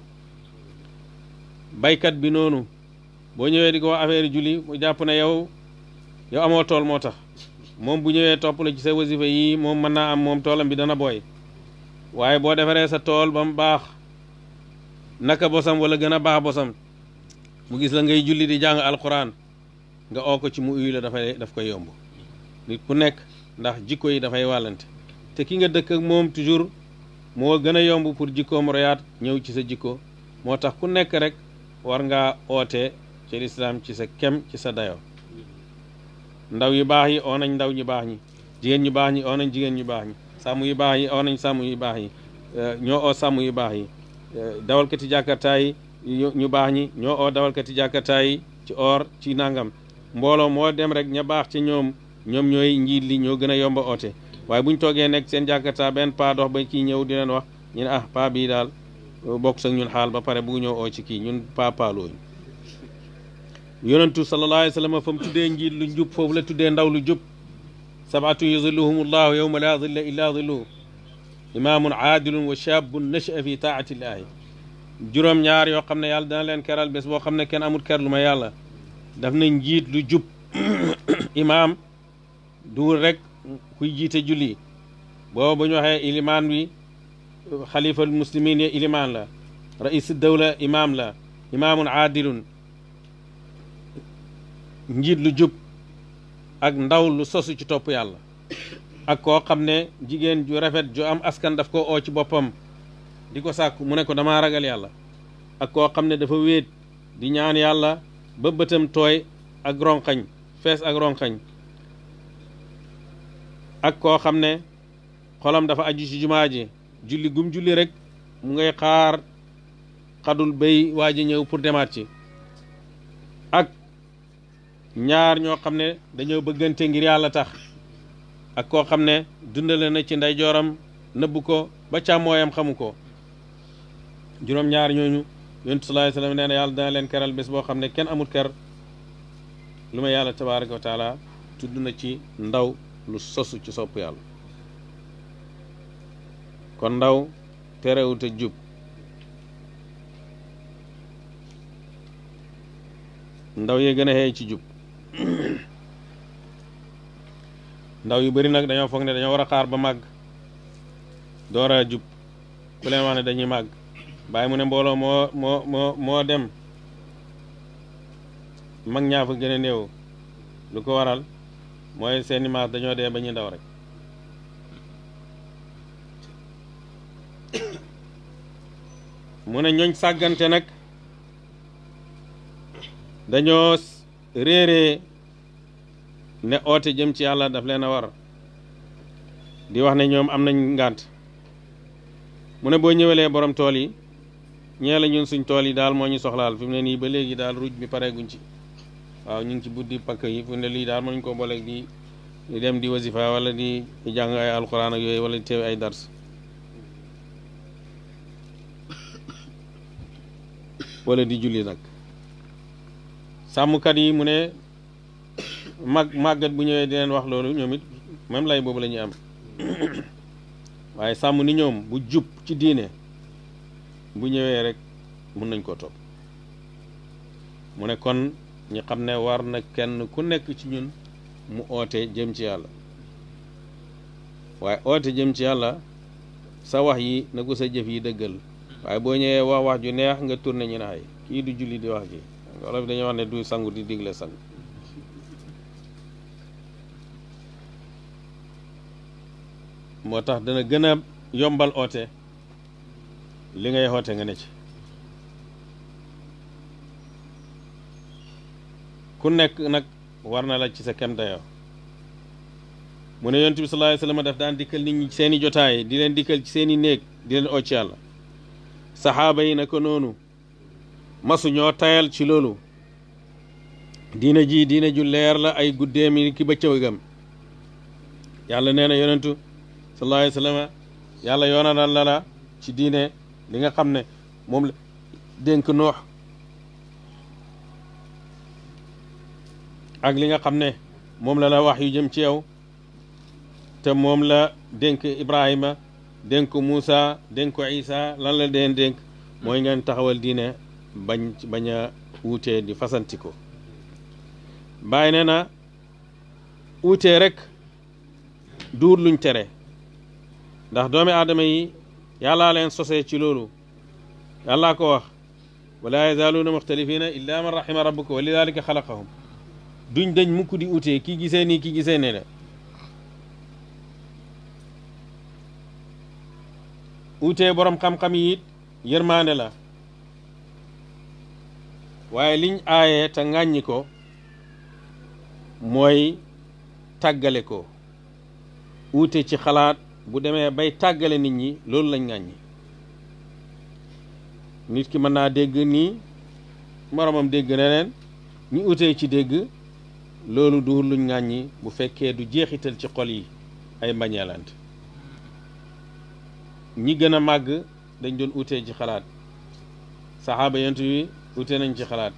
baykat bi noonu boo ñëwee di ko wax affaire julli mu jàpp na yow yow amoo tool moo tax moom bu ñëwee topp la ci sa wasifa yi moom mën naa am moom toolam bi dana booy waaye boo defaree sa tool ba mu baax naka bosam walla gën a baax bosam mu gis la ngay julli di jàng alxuraan nga oo ko ci mu uyu dafay daf koy yomb nit ku nekk ndax jikko yi dafay wàllante te ki nga dëkk moom toujours moo gën a yomb pour jikkoom royaat ñëw ci sa jikko moo tax ku nekk rek war nga oote ci ci sa kem ci sa dayo ndaw yu baax yi oo nañ ndaw ñu baax ñi jigéen ñu baax ñi oo nañ jigéen ñu baax ñi sàmm yu baax yi oo nañ sàmm yu baax yi eh, ñoo oo sàmm yu baax yi eh, dawalkati jàkkartaa ñu baax ñi ñoo oo dawalkati jàkkartaa ci or ci nangam mbooloo moo dem rek ña baax ci ñoom ñoom ñooy njiit li ñoo gën a yomba oote waaye bu ñu toogee nekk seen jàkkarta benn paa dox ba kii ñëw di wax ñu ne ah paa bii daal bokk sax ñun xaal ba pare bu ñëw oo ci kii ñun paa paalooñu yonentu sallallahu alayhi wa sallam fa tuddee njiit lu jub foofu la tuddee ndaw lu jub sabaatun yuzilluhumullahu yawma la zilla illa zilluhu imaamun aadilun wa shaabun nasha'a fi taatillahi juróom ñaar yoo xam ne yàlla dana leen keral bés boo xam ne kenn amul ker lu ma yàlla daf na njiit lu jub imaam duur rek kuy jiite julli booba bu ñu waxee ilimaan wi xalifal muslimin ya ilimaan la raïs dawla imaam la imaamun aadilun njiit lu jub ak ndaw lu sosu ci topp yàlla ak koo xam ne jigéen ju rafet ju am askan daf ko oo ci boppam di ko sàkk mu ne ko damaa ragal yàlla ak koo xam ne dafa wéet di ñaan yàlla ba bëtam tooy ak ronxañ fees ak ronxañ ak koo xam ne xolam dafa aju ci jumaa ji julli gum julli rek mu ngay xaar xadul béy waa ji ñëw pour demaat ci ak ñaar ñoo xam ne dañoo bëggante ngir yàlla tax ak koo xam ne dundale na ci ndeyjooram nëbb ko ba càmmooyam xamu ko juróom-ñaar ñooñu yonent sallallahu alayhi wasallam yàlla dana leen keral bés boo xam ne kenn amul ker lu ma yàlla tabaraka wa taala tudd na ci ndaw lu sosu ci sopp yàlla kon ndaw terewute jub ndaw yee gën a xëy ci jub ndaw yu bari nag dañoo foog ne dañoo war a xaar ba màgg door jub ku leen wax ne dañuy màgg bàyyi mu ne mbooloo moo moo moo moo dem mag ñaa fa gën a néew lu ko waral mooy seeni maas dañoo dee ba ñuy daw rek mu ne ñooñ sàggante nag dañoo réeree ne oote jëm ci yàlla daf leen a war di wax ne ñoom am nañ ngànt mu ne boo ñëwelee borom tool yi ñee la ñun suñ tool yi daal moo ñu soxlaal fi mu ne nii ba léegi daal ruuj mi pareeguñ ci waaw ñu ngi ci buddi pakk yi fu ne lii daal mënuñ ko booleeg di di dem di wasifa wala di jàng ay alquran ak yooyu wala di teew ay dars wala di julli nag sàmmkat yi mu ne mag màggat bu ñëwee di leen wax loolu ñoom it même lay boobu lañuy am waaye sàmm ni ñoom bu jub ci diine bu ñëwee rek mun nañ koo topp mu ne kon ñu xam ne war na kenn ku nekk ci ñun mu oote jëm ci yàlla waaye oote jëm ci yàlla sa wax yi na ko sa jëf yi dëggal waaye boo ñëwee wax wax ju neex nga tourné ñu ne ay kii du julli di wax gi wolof dañuy wax ne duy sangu di digle sang moo tax dana gën a yombal oote li ngay oote nga ne ci ku nekk nag war na la ci sa kem dayoo mu ne yonent bi sallallahu alayhi wasallam daf daan dikkal nit ñi seen i jotaay di leen dikkal ci seeni i néeg di leen oo saxaaba yi naka noonu masu ñoo tayal ci loolu diina ji diina ju leer la ay guddeem yi ki bëccëgam yàlla nee na yonentu sallallahu alayhi wasallam yàlla yoonalal la la ci diine li nga xam ne moom la dénk noox ak li nga xam ne moom la la wax yu jëm ci yow te moom la dénk Ibrahima dénk ko Moussa dénk ko Isa lan la deen dénk mooy ngeen taxawal diine bañ bañ a wuutee di fasanti ko bàyyi ne na wuutee rek duur luñ tere ndax doomi adama yi yàllaa leen sose ci loolu yàllaa ko wax wala na muxtalifina illa man rahima rabbuka wa lidalika xalaqahum duñ dañ mukk di utee kii gisee nii ki gisee ne la utee boroom xam-xam yi it yërmaande la waaye liñ aaye te ŋàññi ko mooy tàggale ko uute ci xalaat bu demee bay tàggale nit ñi loolu lañ ŋàññi nit ki mën naa dégg nii moroomam dégg neneen ñu utee ci dégg loolu du luñ ŋàññi bu fekkee du jeexital ci xol yi ay mbañeelante ñi gën a màgg dañ doon utee ci xalaat saxaaba yonent yi utee nañ ci xalaat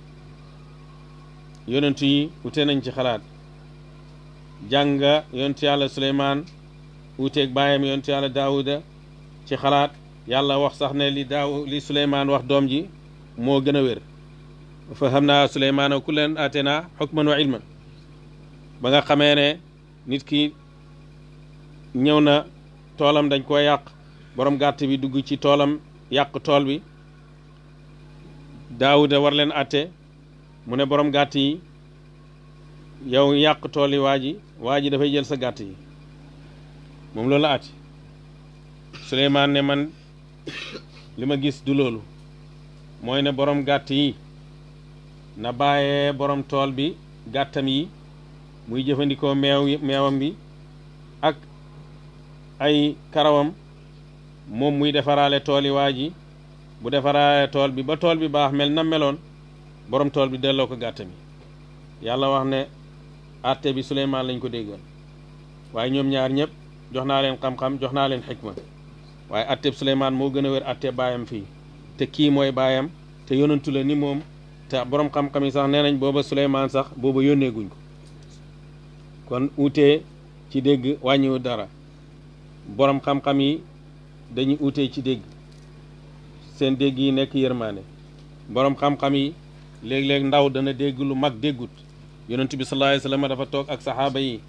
yonent yi utee nañ ci xalaat jànga yonent yàlla Suleymaan uteeg baayam yonent yàlla Daawuda ci xalaat yàlla wax sax ne li daaw li Suleymaan wax doom ji moo gën a wér fa xam naa Suleymaana kullan ateenaa hukman wa ilman ba nga xamee ne nit ki ñëw na toolam dañ koo yàq borom gàtt bi dugg ci toolam yàq tool bi daawuda war leen atte mu ne borom gàtt yi yow yàq tool yi waa ji waa ji dafay jël sa gàtt yi moom loolu la Suleymaan ne man li ma gis du loolu mooy ne borom gàtt yi na bàyyee borom tool bi gàttam yi muy jëfandikoo meew meewam bi ak ay karawam moom muy defaraale tool waa ji bu defaraale tool bi ba tool bi baax mel na meloon borom tool bi delloo ko gàtt mi yàlla wax ne àtte bi Suleymaan lañ ko déggoon waaye ñoom ñaar ñëpp jox naa leen xam-xam jox naa leen xikma waaye àtteeb Suleymaan moo gën a wér àtte baayam fii te kii mooy baayam te yonantu la ni moom te borom xam-xam yi sax nee nañ booba Suleymaan sax booba yónneeguñ ko kon uutee ci dégg wàññiwu dara boroom xam-xam yi dañuy uutee ci dégg seen dégg yi nekk yërmaane boroom xam-xam yi léeg-léeg ndaw dana dégg lu mag déggut yonent bi sallallahu alayhi wasallam dafa toog ak saxaaba yi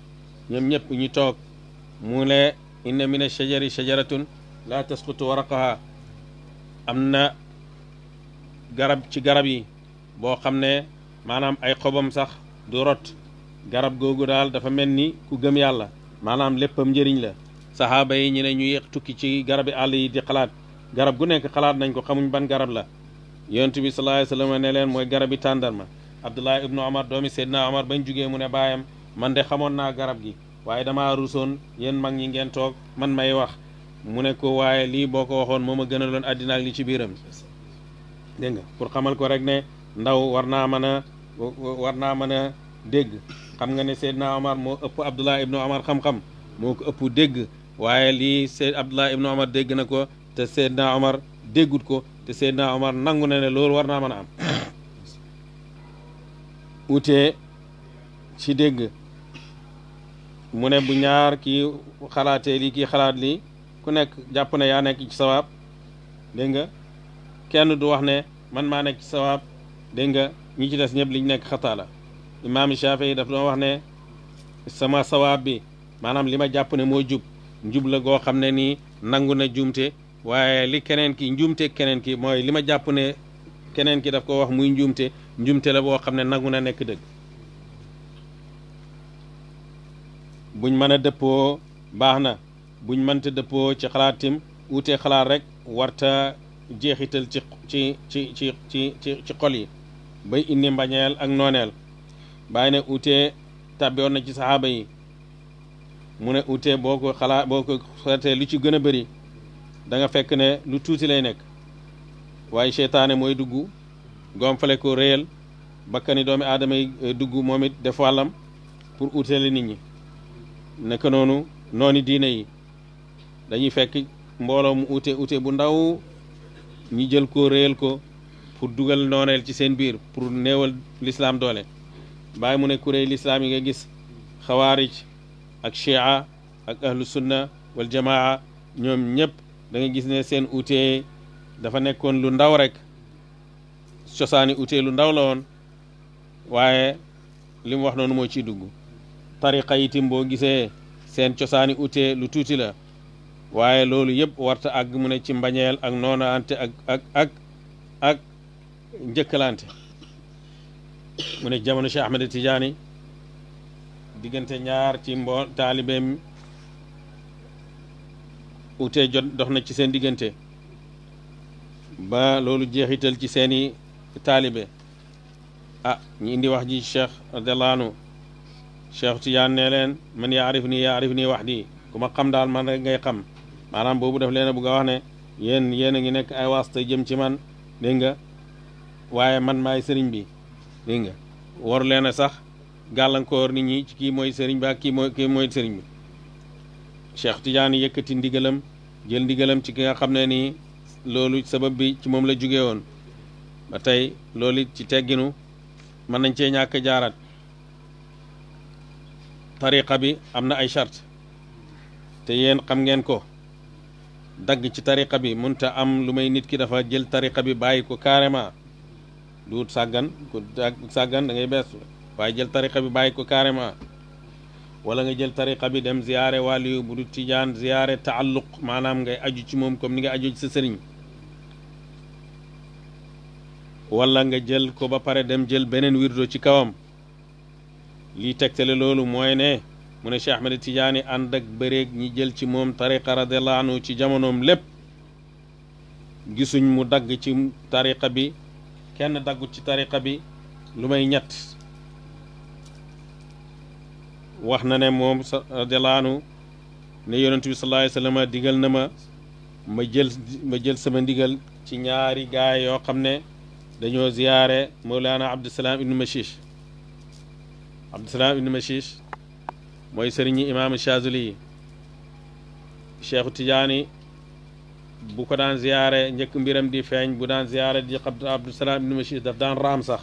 ñoom ñëpp ñu toog mu ne inna min ashajari shajaratun laa tasqutu waraqaha am na garab ci garab yi boo xam ne maanaam ay xobam sax du rot garab googu daal dafa mel ni ku gëm yàlla maanaam léppam njëriñ la saxaaba yi ñu ne ñuy tukki ci garabi àll yi di xalaat garab gu nekk xalaat nañ ko xamuñ ban garab la yonent bi sallallahu alayhi ne leen mooy garabi tàndarma abdullah ibnu omar doomi seydna omar bañ jógee mu ne baayam man de xamoon naa garab gi waaye damaa rusoon yéen mag ñi ngeen toog man may wax mu ne ko waaye lii boo ko waxoon moom ma gënaloon àddina ak li ci biiram dégg nga pour xamal ko rek ne ndaw war naa mën a war naa mën a dégg xam nga ne Seydina Omar moo ëpp Abdullah ibnu Omar xam-xam moo ko ëpp dégg waaye lii Seyd Abdullah ibnu Omar dégg na ko te Seydina Omar déggut ko te Seydina Omar nangu na ne loolu war naa mën a am utee ci dégg mu ne bu ñaar ki xalaatee lii kii xalaat li ku nekk jàpp ne yaa nekk ci sawaab dégg nga kenn du wax ne man maa nekk ci sawaab dégg nga ñi ci des ñëpp liñ nekk xataa imaam Shafii daf doon wax ne sama sawaab bi maanaam li ma jàpp ne moo jub njub la goo xam ne nii nangu na jumte waaye li keneen ki njuumte keneen ki mooy li ma jàpp ne keneen ki daf ko wax muy njuumte njuumte la boo xam ne nangu na nekk dëgg buñ mën a dëppoo baax na buñ mënta dëppoo ci xalaatim wuute xalaat rek warta jeexital ci ci ci ci ci ci xol yi bay indi mbañeel ak nooneel bàyyi ne utee tàbbi na ci saxaaba yi mu ne utee boo ko xalaat boo ko xalaatee lu ci gën a bëri da nga fekk ne lu tuuti lay nekk waaye seytaane mooy dugg gomfale ko réyal bakkani doomi aadama yi eh, dugg moom it def wàllam pour utale nit ñi naka noonu nooni diine yi dañuy fekk mbooloo mu ute ute bu ndaw ñi jël ko réyal ko pour dugal nooneel ci seen biir pour néewal lislaam doole bàyyi mu ne kuréel islaam yi nga gis xawaarij ak chia ak ahlu sunna wal jamaa ñoom ñëpp danga gis ne seen utee dafa nekkoon lu ndaw rekk cosaani utee lu ndaw la waaye li wax noonu moo ciy dugg tariqa yi boo gisee seen cosaani utee lu tuuti la waaye loolu yëpp warta àgg mu ne ci mbañeel ak noonaante ak ak ak ak njëkkalante mu ne jamono Cheikh Ahmed Tidiane diggante ñaar ci mbool taalibeem utee jot dox na ci seen diggante ba loolu jeexital ci seeni taalibe ah ngi indi wax ji Cheikh radiyallahu anhu Cheikh Tidiane ne leen man yaa arif nii ni wax di ku ma xam daal ma ngay xam maanaam boobu def leen a bugg a wax ne yéen yéen a ngi nekk ay waasta jëm ci man dégg nga waaye man maay sëriñ bi dégg nga waru leen a sax gàllankoor nit ñi ci kii mooy sëriñ ba kii mooy kii mooy sëriñ bi Cheikh Tidiane yëkkati ndigalam jël ndigalam ci ki nga xam ne nii loolu sabab bi ci moom la jóge woon ba tey loolu it ci tegginu mën nañ cee ñàkk jaaraat tariqa bi am na ay charte te yéen xam ngeen ko dagg ci tariqa bi mënta am lu may nit ki dafa jël tariqa bi bàyyi ko carrément duut sàggan ku sàggan da ngay beesu waaye jël tariqa bi bàyyi ko carrément wala nga jël tariqa bi dem ziyaare waliyu bu du tijaan ziyaare taalluq maanaam ngay aju ci moom comme ni nga aju ci sa sëriñ wala nga jël ko ba pare dem jël beneen wirdo ci kawam lii tegtale loolu mooy ne mu ne Cheikh Ahmed Tidiane ànd ak bëreeg ñi jël ci moom tariqa radiallahu anhu ci jamonoom lépp gisuñ mu dagg ci tariqa bi kenn daggut ci tariqa bi lu may ñett wax na ne moom radiyallaahu anhu ne yonent bi digal na ma ma jël sama ndigal ci ñaari gaay yoo xam ne dañoo ziyaare Mawlana Abdusalaam ibnu Mashish Abdusalaam ibnu Mashish mooy sëriñi imaamu Chazuli yi Cheikhu Tijaani bu ko daan ziyaare njëkk mbiram di feeñ bu daan ziyaare di Abdusalaam ibnu Machis daf daan raam sax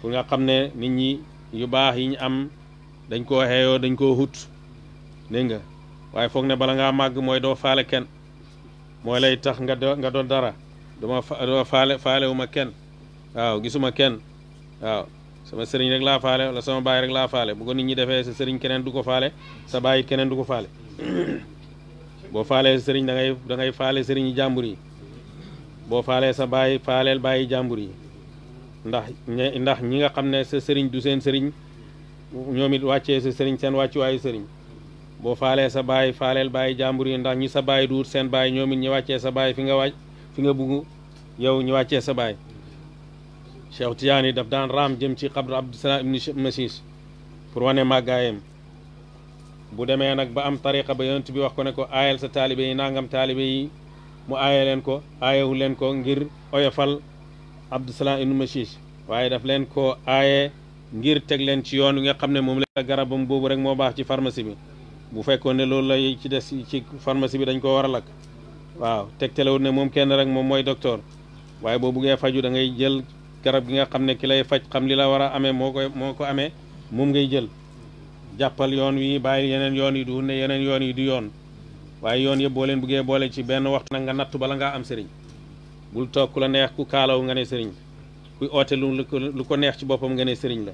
pour nga xam ne nit ñi yu baax yi ñu am dañ ko xeeyoo dañ koo hut dégg nga waaye foog ne bala ngaa màgg mooy doo faale kenn mooy lay tax nga do nga doon dara duma doo faale faalewu ma kenn waaw gisuma kenn waaw sama seriñ rek laa faale wala sama baay rek laa faale bu ko nit ñi defee sa sëriñ keneen du ko faale sa baay keneen du ko faale boo faalee sëriñ dangay faale sëriñi jàmbur yi boo faalee sa baay faaleel bàyyi jàmbur yi ndax ndax ñi nga xam ne sa sëriñ du seen sëriñ ñoom it wàccee sa sëriñ seen wàccuwaayu sëriñ boo faalee sa baay faaleel bàyyi jàmbur yi ndax ñi sa baay duut seen baay ñoom it ñi wàccee sa baay fi nga wàcc fi nga bugg yow ñi wàccee sa baay Cheikh yi daf daan raam jëm ci xabru Abdusalaam ibni Masis pour wane màggaayam bu demee nag ba am tariqa ba yonent bi wax ko ne ko aayal sa taalibe yi nangam taalibe yi mu aaye leen ko aayewu leen ko ngir oyofal Abdusalaam ibnu Mashiish waaye daf leen ko aaye ngir teg leen ci yoon wi nga xam ne moom la garabam boobu rek moo baax ci pharmacie bi bu fekkoon ne loolu lay ci des ci pharmacie bi dañ koo war a lakk waaw tegtalewul ne moom kenn rek moom mooy docteur waaye boo buggee faju da ngay jël garab gi nga xam ne ki lay faj xam li la war a amee moo koy moo ko amee moom ngay jël jàppal yoon wi bàyyi yeneen yoon yi du ne yeneen yoon yi du yoon waaye yoon yëpp boo leen buggee boole ci benn waxtu nag nga natt bala nga am sëriñ bul toog ku la neex ku kaalaw nga ne sëriñ kuy oote lu lu ko neex ci boppam nga ne sëriñ la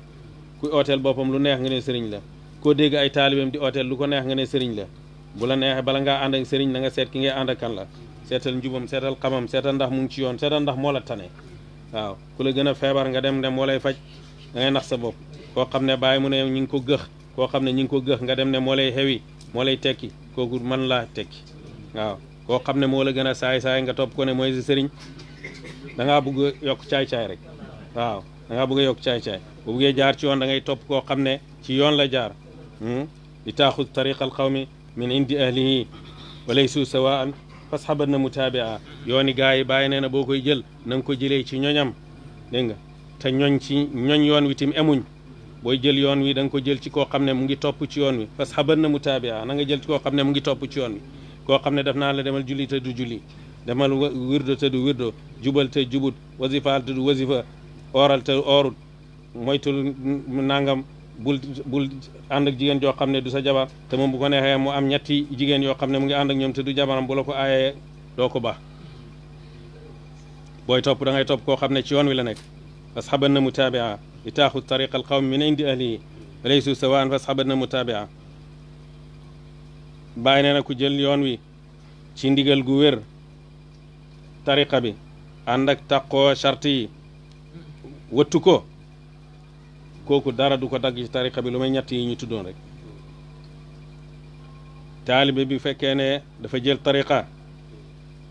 kuy ooteel boppam lu neex nga ne sëriñ la ko dégg ay taalibeem di otel lu ko neex nga ne sëriñ la bu la neexee bala nga ànd ak sëriñ na seet ki ngay ànd ak kan la seetal njubam seetal xamam seetal ndax mu ngi ci yoon seetal ndax moo la tane waaw ku la gën a feebar nga dem dem moo lay faj da ngay sa bopp koo xam ne bàyyi mu ne ñu ngi ko gëx koo xam ne ñi ngi ko gëx nga dem ne moo lay xewi moo lay tekki kooku man laa tekki waaw koo xam ne moo la gën a saay-saay nga topp ko ne mooy si sëriñ da ngaa bëgg a yokk caay-caay rek waaw da bëgg yokk caay-caay bu jaar ci yoon da ngay topp koo xam ne ci yoon la jaar hmm? li taaxud tariqa al qawmi min indi ahlihi wa laysu sawaan fasxaban na mutaabia yooni gars yi bàyyi nee na boo koy jël na ko jëlee ci ñoñam dégg nga te ñoñ ci ñoñ yoon wi tim emuñ booy jël yoon wi danga nga ko jël ci koo xam ne mu ngi topp ci yoon wi parce que xaban na mu taabia na nga jël ci koo xam ne mu ngi topp ci yoon wi koo xam ne daf naa la demal julli te du julli demal wirdo te du wirdo jubal te jubut wasifaal te du wasifa ooral te oorut moytul nangam bul bul ànd ak jigéen joo xam ne du sa jabar te moom bu ko neexee mu am ñetti jigéen yoo xam ne mu ngi ànd ak ñoom te du jabaram bu la ko aayee doo ko baax booy topp da ngay topp koo xam ne ci yoon wi la nekk parce que itaaxu tariqa al qawmi min indi ahlihi laysu sawaan fa asxabatna mutaabia bàyyi nee na ku jël yoon wi ci ndigal gu wér tarixa bi ànd ak taqoo charte yi ko kooku dara du ko dagg ci tariqa bi lu may ñetti yi ñu tuddoon rek taalibe bi fekkee ne dafa jël tariqa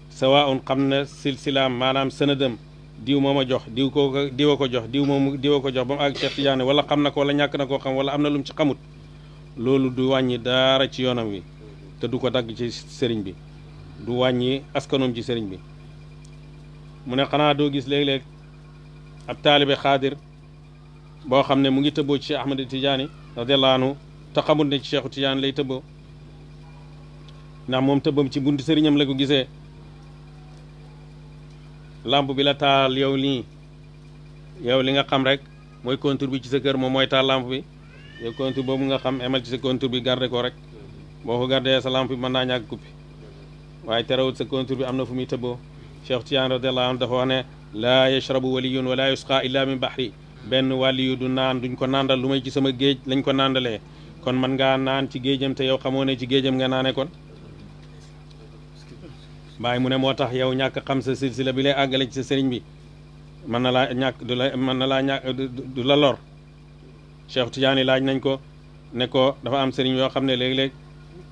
sawaun xam na silsilaam maanaam sënadam diw moom a jox diw kook diw a ko jox diw moom diw ko jox ba mu àgg Cheikh Tidiane wala xam na ko wala ñàkk na ko xam wala am na lu mu ci xamut loolu du wàññi dara ci yoonam wi te du ko dagg ci sëriñ bi du wàññi askanoom ci sëriñ bi mu ne xanaa doo gis léeg-léeg ab taalibe xaadir boo xam ne mu ngi tëbboo ci Cheikh Ahmad Tidiane radiyallahu anhu te xamut ne ci Cheikhu Tidiane lay tëbboo ndax moom tëbbam ci bunt sëriñam la ko gisee làmp bi la taal yow lii yow li nga xam rek mooy contour bi ci sa kër moom mooy taal làmp bi yow contour boobu nga xam emal ci sa contour bi garde ko rek boo ko gardee sa làmp bi mën naa ñàkk kuppi waaye terewul sa contour bi am na fu muy tëbboo Cheikh Tiyaan radiallahu anhu dafa wax ne laa yashrabu waliyun wala yusqa illa min bahri benn wàlli yu du naan duñ ko nàndal lu may ci sama géej lañ ko nàndalee kon man ngaa naan ci géejam te yow xamoo ne ci géejam nga naane kon bàyyi mu ne moo tax yow ñàkk xam sa silsila bi lay àggale ci sa sëriñ bi man na laa ñàkk du la mën na laa ñàkk du la lor Cheikh Tidiane laaj nañ ko ne ko dafa am sëriñ yoo xam ne léeg-léeg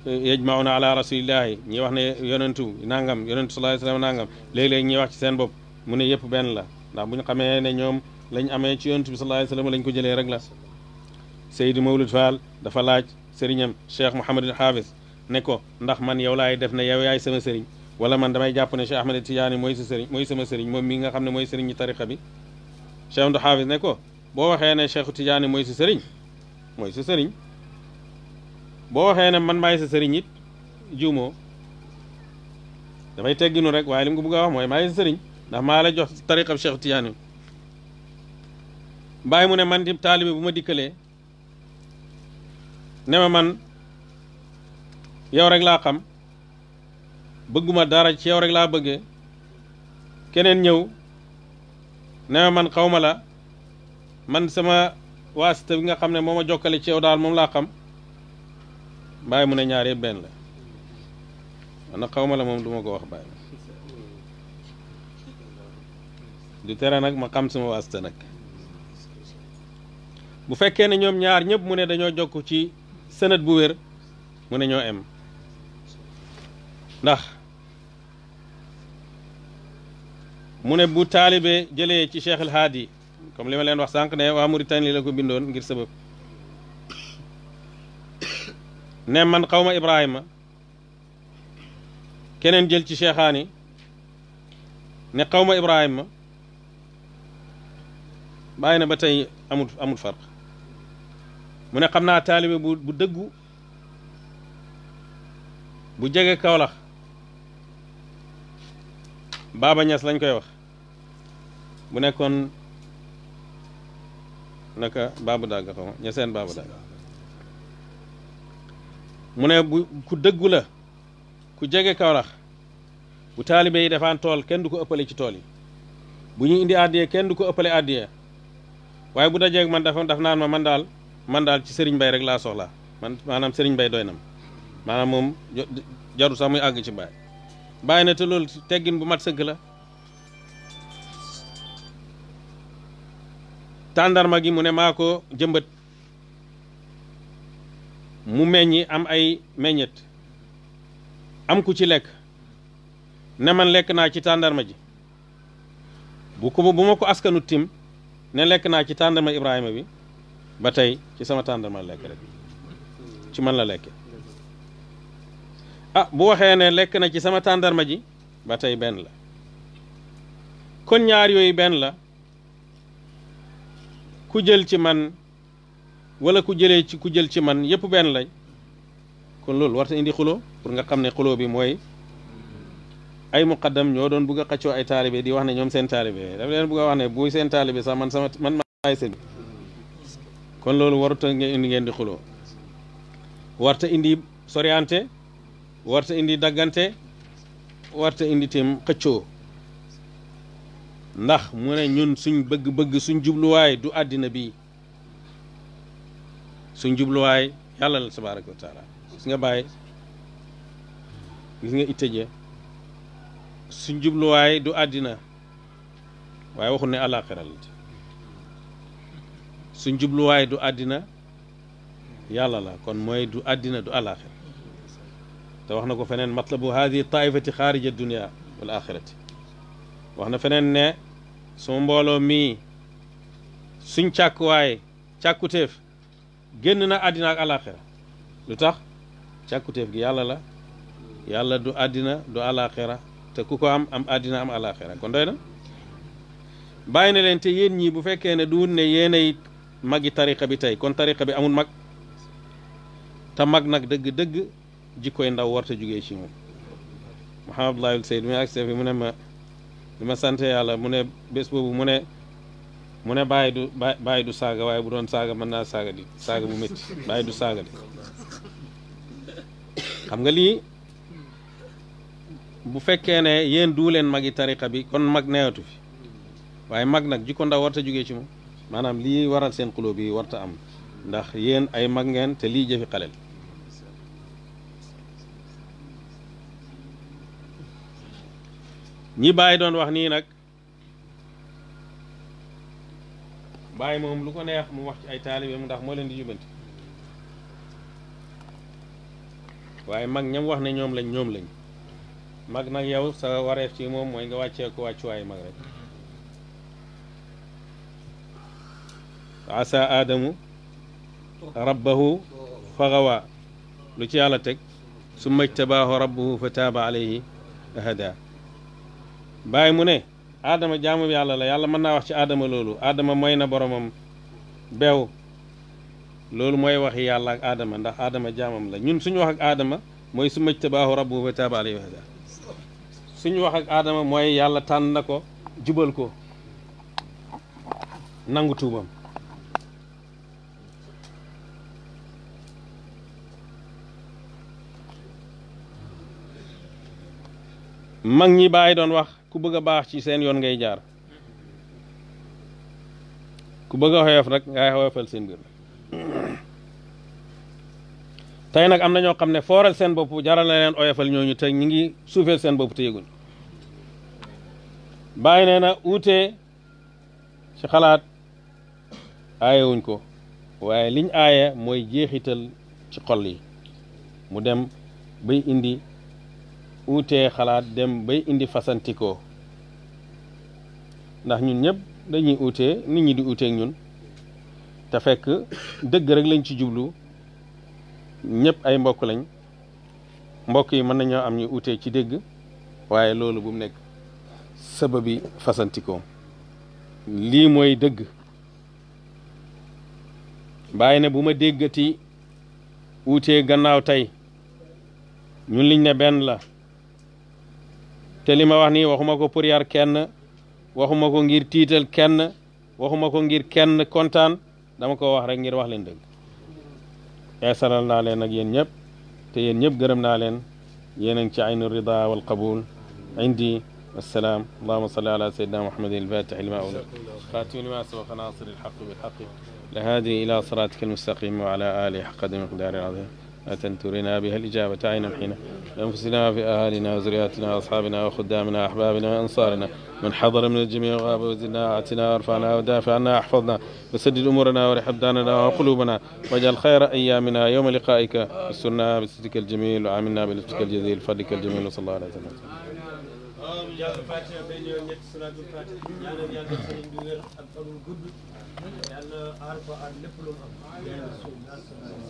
eh, yajmauna ala rasulillahi ñi wax ne yonentu nangam yonentu sallallahu alayhi wasallam nangam léeg-léeg ñi ci seen bopp mu ne yëpp benn la ndax bu ñu xamee ne ñoom lañ amee ci yonentu bi sallallahu alayhi wasallam lañ ko jëlee rek la Seydou Mawlud Fall dafa laaj seriñam Cheikh Mouhamadul Hafiz ne ko ndax man yow laay def ne yow yaay sama sëriñ wala man damay jàpp ne Cheikh Ahmed Tidiane mooy sa sëriñ mooy sama sëriñ moom mi nga xam ne mooy sëriñ ñi tariqa bi Cheikh Amdou Hafiz ne ko boo waxee ne Cheikh Tidiane mooy sa sëriñ mooy sa sëriñ boo waxee ne man maay sa sëriñ it juumoo damay tegginu rek waaye li mu ko bëgg a wax mooy maay sa sëriñ ndax maa la jox tariqa Cheikh Tidiane bàyyi mu ne man di taalibi bu ma dikkalee ne ma man yow rek laa xam bëgguma dara ci rek laa bëggee keneen ñëw ne man xaw ma la man sama waasita bi nga xam ne moo ma jokkale ci daal moom laa xam bàyyi mu ne ñaar benn la man xaw ma la moom duma ko wax bàyyi du nag ma xam sama waasita nag bu fekkee ne ñoom ñaar ñëpp mu ne dañoo jokk ci sënët bu wér mu ne ñoo em ndax mu ne bu taalibe jëlee ci Cheikh El Hadi comme li ma leen wax sànq ne waa Mauritanie la ko bindoon ngir sabab ne man xawma ma keneen jël ci Cheikhaani ne xawma Ibrahima bàyyi na ba tey amul amul farq mu ne xam naa taalibe bu bu dëggu bu jege Kawlax Baaba Ñas lañ koy wax bu nekkoon naka baabu dàgg xaw ma ña seen baabu mu ne bu ku dëggu la ku jege Kawlax bu taalibe yi defaan tool kenn du ko ëppale ci tool yi bu ñu indi addiye kenn du ko ëppale addiye waaye bu dajeeg man dafa daf naan ma man daal man daal ci sëriñ mbay rek laa soxla man maanaam sëriñ Bay doy nam maanaam moom jaru sax muy àgg ci Baay bàyyi na te loolu teggin bu mat sëgg la tàndarma gi mu ne maa ko jëmbat mu meññi am ay meññet am ku ci lekk ne man lekk naa ci tàndarma ji bu ko bu ma ko askanu tim ne lekk naa ci tàndarma Ibrahima bi ba tey ci sama tàndarma lekk rek ci man la lekke a ah, bu waxee ne lekk na ci sama tàndarma ji ba tey benn la kon ñaar yooyu benn la ku jël ci man wala ku jëlee ci ku jël ci man yépp benn lañ kon loolu warta indi xuloo pour nga xam ne xuloo bi mooy ay muqaddam ñoo doon bugg a ay taalibe di wax ne ñoom seen taalibe dafa leen bugg wax ne bu seen sax man sama man maay seen kon loolu waruta indi ngeen di xuloo warta indi soriante warta indi daggante warta indi tim xëccoo ndax mu ne ñun suñ bëgg-bëgg suñ jubluwaay du àddina bi suñ jubluwaay yàlla la tabaraka wa gis nga bàyyi gis nga ittëje suñ jubluwaay du àddina waaye waxul ne àllaaxira suñ jubluwaay du àddina yàlla la kon mooy du àddina du àllaaxira te wax na ko feneen matlabu haadihi taaifati xaarija dunia wal axirati wax na feneen ne suma mbooloo mii suñ càkkuwaay càkkuteef génn na àddina ak alaxira lu tax càkkuteef gi yàlla la yàlla du àddina du alaxira te ku ko am am àddina am alaxira kon doy na bàyyi na leen te yéen ñii bu fekkee ne duwut ne yéenay magi tariqa bi tey kon tariqa bi amul mag te mag nag dëgg-dëgg jikkoy ndaw warta jugee ci moom Mouhamed Abdoulaye Seyd mi agsi mu ne ma li ma sant yàlla mu ne bés boobu mu ne mu ne bàyyi du bàyyi du saaga waaye bu doon saaga mën naa saaga di saaga bu métti bàyyi du saaga di xam nga lii bu fekkee ne yéen du leen magi tariqa bi kon mag neewatu fi waaye mag nag jikko ndaw warta jugee ci moom maanaam lii waral seen xulóo bi warta am ndax yéen ay mag ngeen te lii jëfi xalel ñi bàyyi doon wax nii nag bàyyi moom lu ko neex mu wax ci ay taalibeem ndax moo leen di jubanti waaye mag ñam wax na ñoom lañ ñoom lañ mag nag yow sa wareef ci moom mooy nga wàccee ko wàccuwaayu mag rek asa aadamu rabbahu faxawaa lu ci yàlla teg su majtabaahu rabbuhu fa taaba alayhi hada bàyyi mu ne aadama jaamu yàlla la yàlla mën naa wax ci aadama loolu aadama mooy na boromam beew loolu mooy waxi yàlla ak aadama ndax aadama jaamam la ñun suñu wax ak aadama mooy su majtabaahu rabbuhu fa wax ak aadama mooy yàlla tànn na ko jubal ko nangu tuubam mag ñi bàyyi doon wax ku bëgg a baax ci seen yoon ngay jaar ku bëgg a xoyof nag ngay xoyofal seen biir tey nag am nañoo xam ne fooral seen bopp jaral na leen oyofal ñooñu te ñu ngi suufeel seen bopp te yëguñu bàyyi nee na uutee ci xalaat aayewuñ ko waaye liñ aaye mooy jeexital ci xol yi mu dem bay indi wute xalaat dem bay indi fasantikoo ndax ñun ñëpp dañuy uutee nit ñi di uuteeg ñun te fekk dëgg rek lañ ci jublu ñëpp ay mbokk lañ mbokk yi mën nañoo am ñu uutee ci dégg waaye loolu bu mu nekk sababi fasantikoo lii mooy dëgg bàyyi ne bu ma déggati uutee gannaaw tey ñun liñ ne benn la te li ma wax nii waxuma ko pour yar kenn waxuma ko ngir tiital kenn waxuma ko ngir kenn kontaan dama ko wax rek ngir wax leen dëgg eesalal naa leen ak yéen ñëpp te yéen ñëpp gërëm naa leen yéen a ngi ci aynu rida wal qabul indi والسلام اللهم صل على سيدنا محمد الفاتح لما أولى خاتم لما سبق ناصر الحق بالحق لهادي إلى صراطك المستقيم وعلى آله حق قدر مقدار العظيم أتنترنا بها الإجابة عينا حين أنفسنا في أهالنا وزرياتنا وأصحابنا وخدامنا وأحبابنا وأنصارنا من حضر من الجميع غاب وزدنا أعتنا وارفعنا ودافع عنا أحفظنا وسدد أمورنا ورح أبداننا وقلوبنا واجعل خير أيامنا يوم لقائك استرنا بسترك الجميل وعاملنا بلطفك الجزيل فضلك الجميل وصلى الله عليه وسلم yàlla fatiha bay ñëw ñetti salaatul fatiha ñaanal yàlla sëriñ bi wér ak fan wu gudd yàlla aar ko aar lépp lu mu am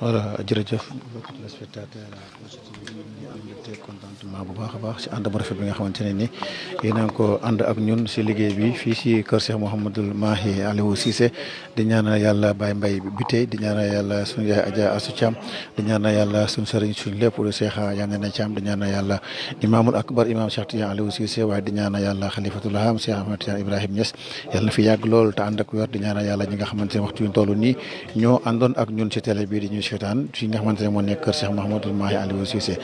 voilà jërëjëf mbokki téléspectateur am contentement bu baax a baax si ànd bu rafet bi nga xamante ne ni yéen a ko ànd ak ñun si liggéey bi fii si kër Cheikh Mouhamadul Mahi Aliou Cissé di ñaanal yàlla Baye Mbaye bi tey di ñaanal yàlla suñu yaay Adja Assou Thiam di ñaanal yàlla suñu sëriñ suñu lépp lu Cheikh Yane na Thiam di ñaanal yàlla akbar imaam Cheikh Tidiane Aliou Cissé waaye di ñaanal yàlla xalifatul am Cheikh Ahmed Tidiane Ibrahima Niass yàlla na fi yàgg lool te ànd ak wér di ñaanal yàlla ñi nga xamante ne waxtu yu toll nii ñoo àndoon ak ñun si télé bi di ñu seytaan fii nga xamante ne moo nekk kër Cheikh Mouhamadul Mahi Aliou Cissé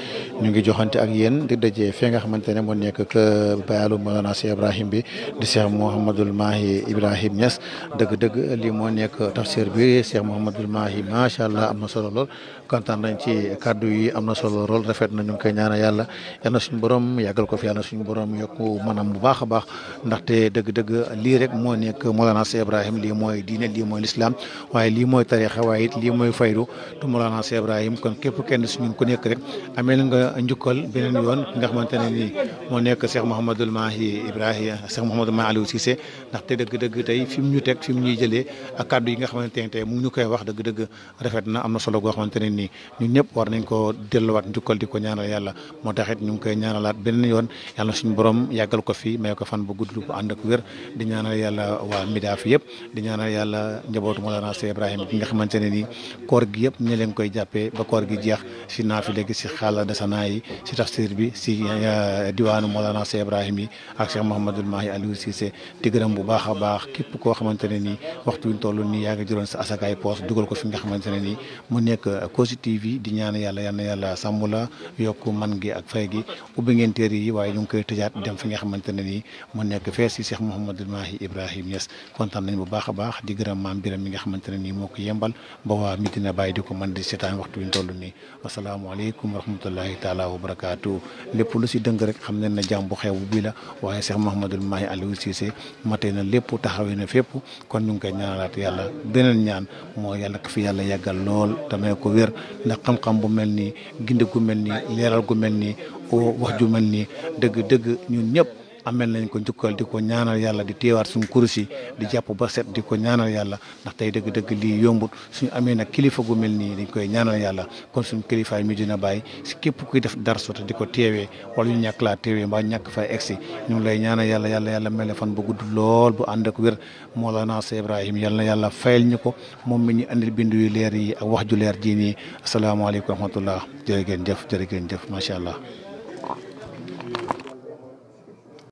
ñu ngi joxante ak yéen di dajee fii nga xamante ne moo nekk kër Bayaalu Mawlana see Ibrahim bi di Cheikh Mouhamadul Mahi Ibrahim Niass dëgg-dëgg li moo nekk tax tafsir bi Cheikh Mouhamadul Mahi macha allah am na solo lool kontaan nañ ci kàddu yi am na solo lool rafet na ñu ngi koy ñaanal yàlla yal na suñu borom yàggal ko fi yal na suñu borom yokku maanaam bu baax a baax ndaxte dëgg-dëgg lii rek moo nekk Mawlana Cheikh Ibrahim lii mooy diine lii mooy lislaam waaye lii mooy tarixa waaye it lii mooy faydu tu Mawlana Cheikh Ibrahim kon képp kenn suñu ku nekk rek ameel nga njukkal beneen yoon ki nga xamante ne nii moo nekk Cheikh Mouhamadul Mahi Ibrahima Cheikh Mouhamadul Mahi Aliou Cissé ndaxte dëgg-dëgg tey fi mu ñu teg fi mu ñuy jëlee ak kàddu yi ne tey mu ñu koy wax dëgg-dëgg rafet na na solo goo xamante ne nii ñun ñëpp war nañ ko delluwaat njukkal di ko ñaanal yàlla moo tax ñu koy ñaanalaat beneen yoon yàlla suñu borom yàggal ko fi may ko fan bu gudd bu ànd ak wér di ñaanal yàlla waa Midaa fi yëpp di ñaanal yàlla njabootu Mawlana Sey Ibrahima bi ne nii koor gi yëpp ñu koy jàppee ba koor gi jeex si naafile gi si xaala dasanaa yi si tafsir bi si eh, diwaanu Mawlana Sey Ibrahima yi ak Cheikh Mouhamadul Mahi Aliou Cissé di gërëm bu baax a baax képp koo xamante ne nii waxtu wi ñu toll nii yaa ngi jëloon sa asakaay poos dugal ko fi nga xamante ne nii mu nekk eh, Kossy TV di ñaan yàlla yal na yàlla sàmm la yokk man gi ak fay gi ubbi ngeen téere yi waaye ñu ngi koy tëjaat dem fi nga xamante ne nii mu nekk fee si Cheikh Mouhamadul Mahi Ibrahim Niass kontaan nañ bu baax a baax di gërëm maam biram mi nga xamante ne nii moo ko yembal ba waa Medina Baye di ko mën di seetaan waxtu wi ñu toll nii asalaamaaleykum wa rahmatullahi taala wa barakaatu lépp lu si dëng rek xam ne na jàmm bu xew bi la waaye Cheikh Mouhamadul Mahi na lépp taxawee na fépp ñu ngi koy ñaanalaat yàlla beneen ñaan moo yàlla ko fi yàlla yàggal lool tamee ko ndax xam-xam bu mel nii gind gu mel nii leeral gu mel nii o wax ju mel nii dëgg dëgg ñun ñëpp amel nañ ko njukkal di ko ñaanal yàlla di teewaat suñ kurus yi di jàpp ba set di ko ñaanal yàlla ndax tey dëgg-dëgg lii yombut suñu amee nag kilifa gu mel nii dañ koy ñaanal yàlla kon suñu kilifaay mi dina bàyyi si képp kuy def dara sota di ko teewee wala ñu ñàkk laa teewee mbaa ñàkk fay egsi ñu ngi lay ñaanal yàlla yàlla yàlla mel fan bu gudd lool bu ànd ak wér Mawlana Seex Ibrahim yàlla na yàlla fayal ñu ko moom mi ñu andil bindu yu leer yi ak wax ju leer jii nii asalaamaaleykum wa rahmatullah ngeen jëf jërë ngeen jëf macha allah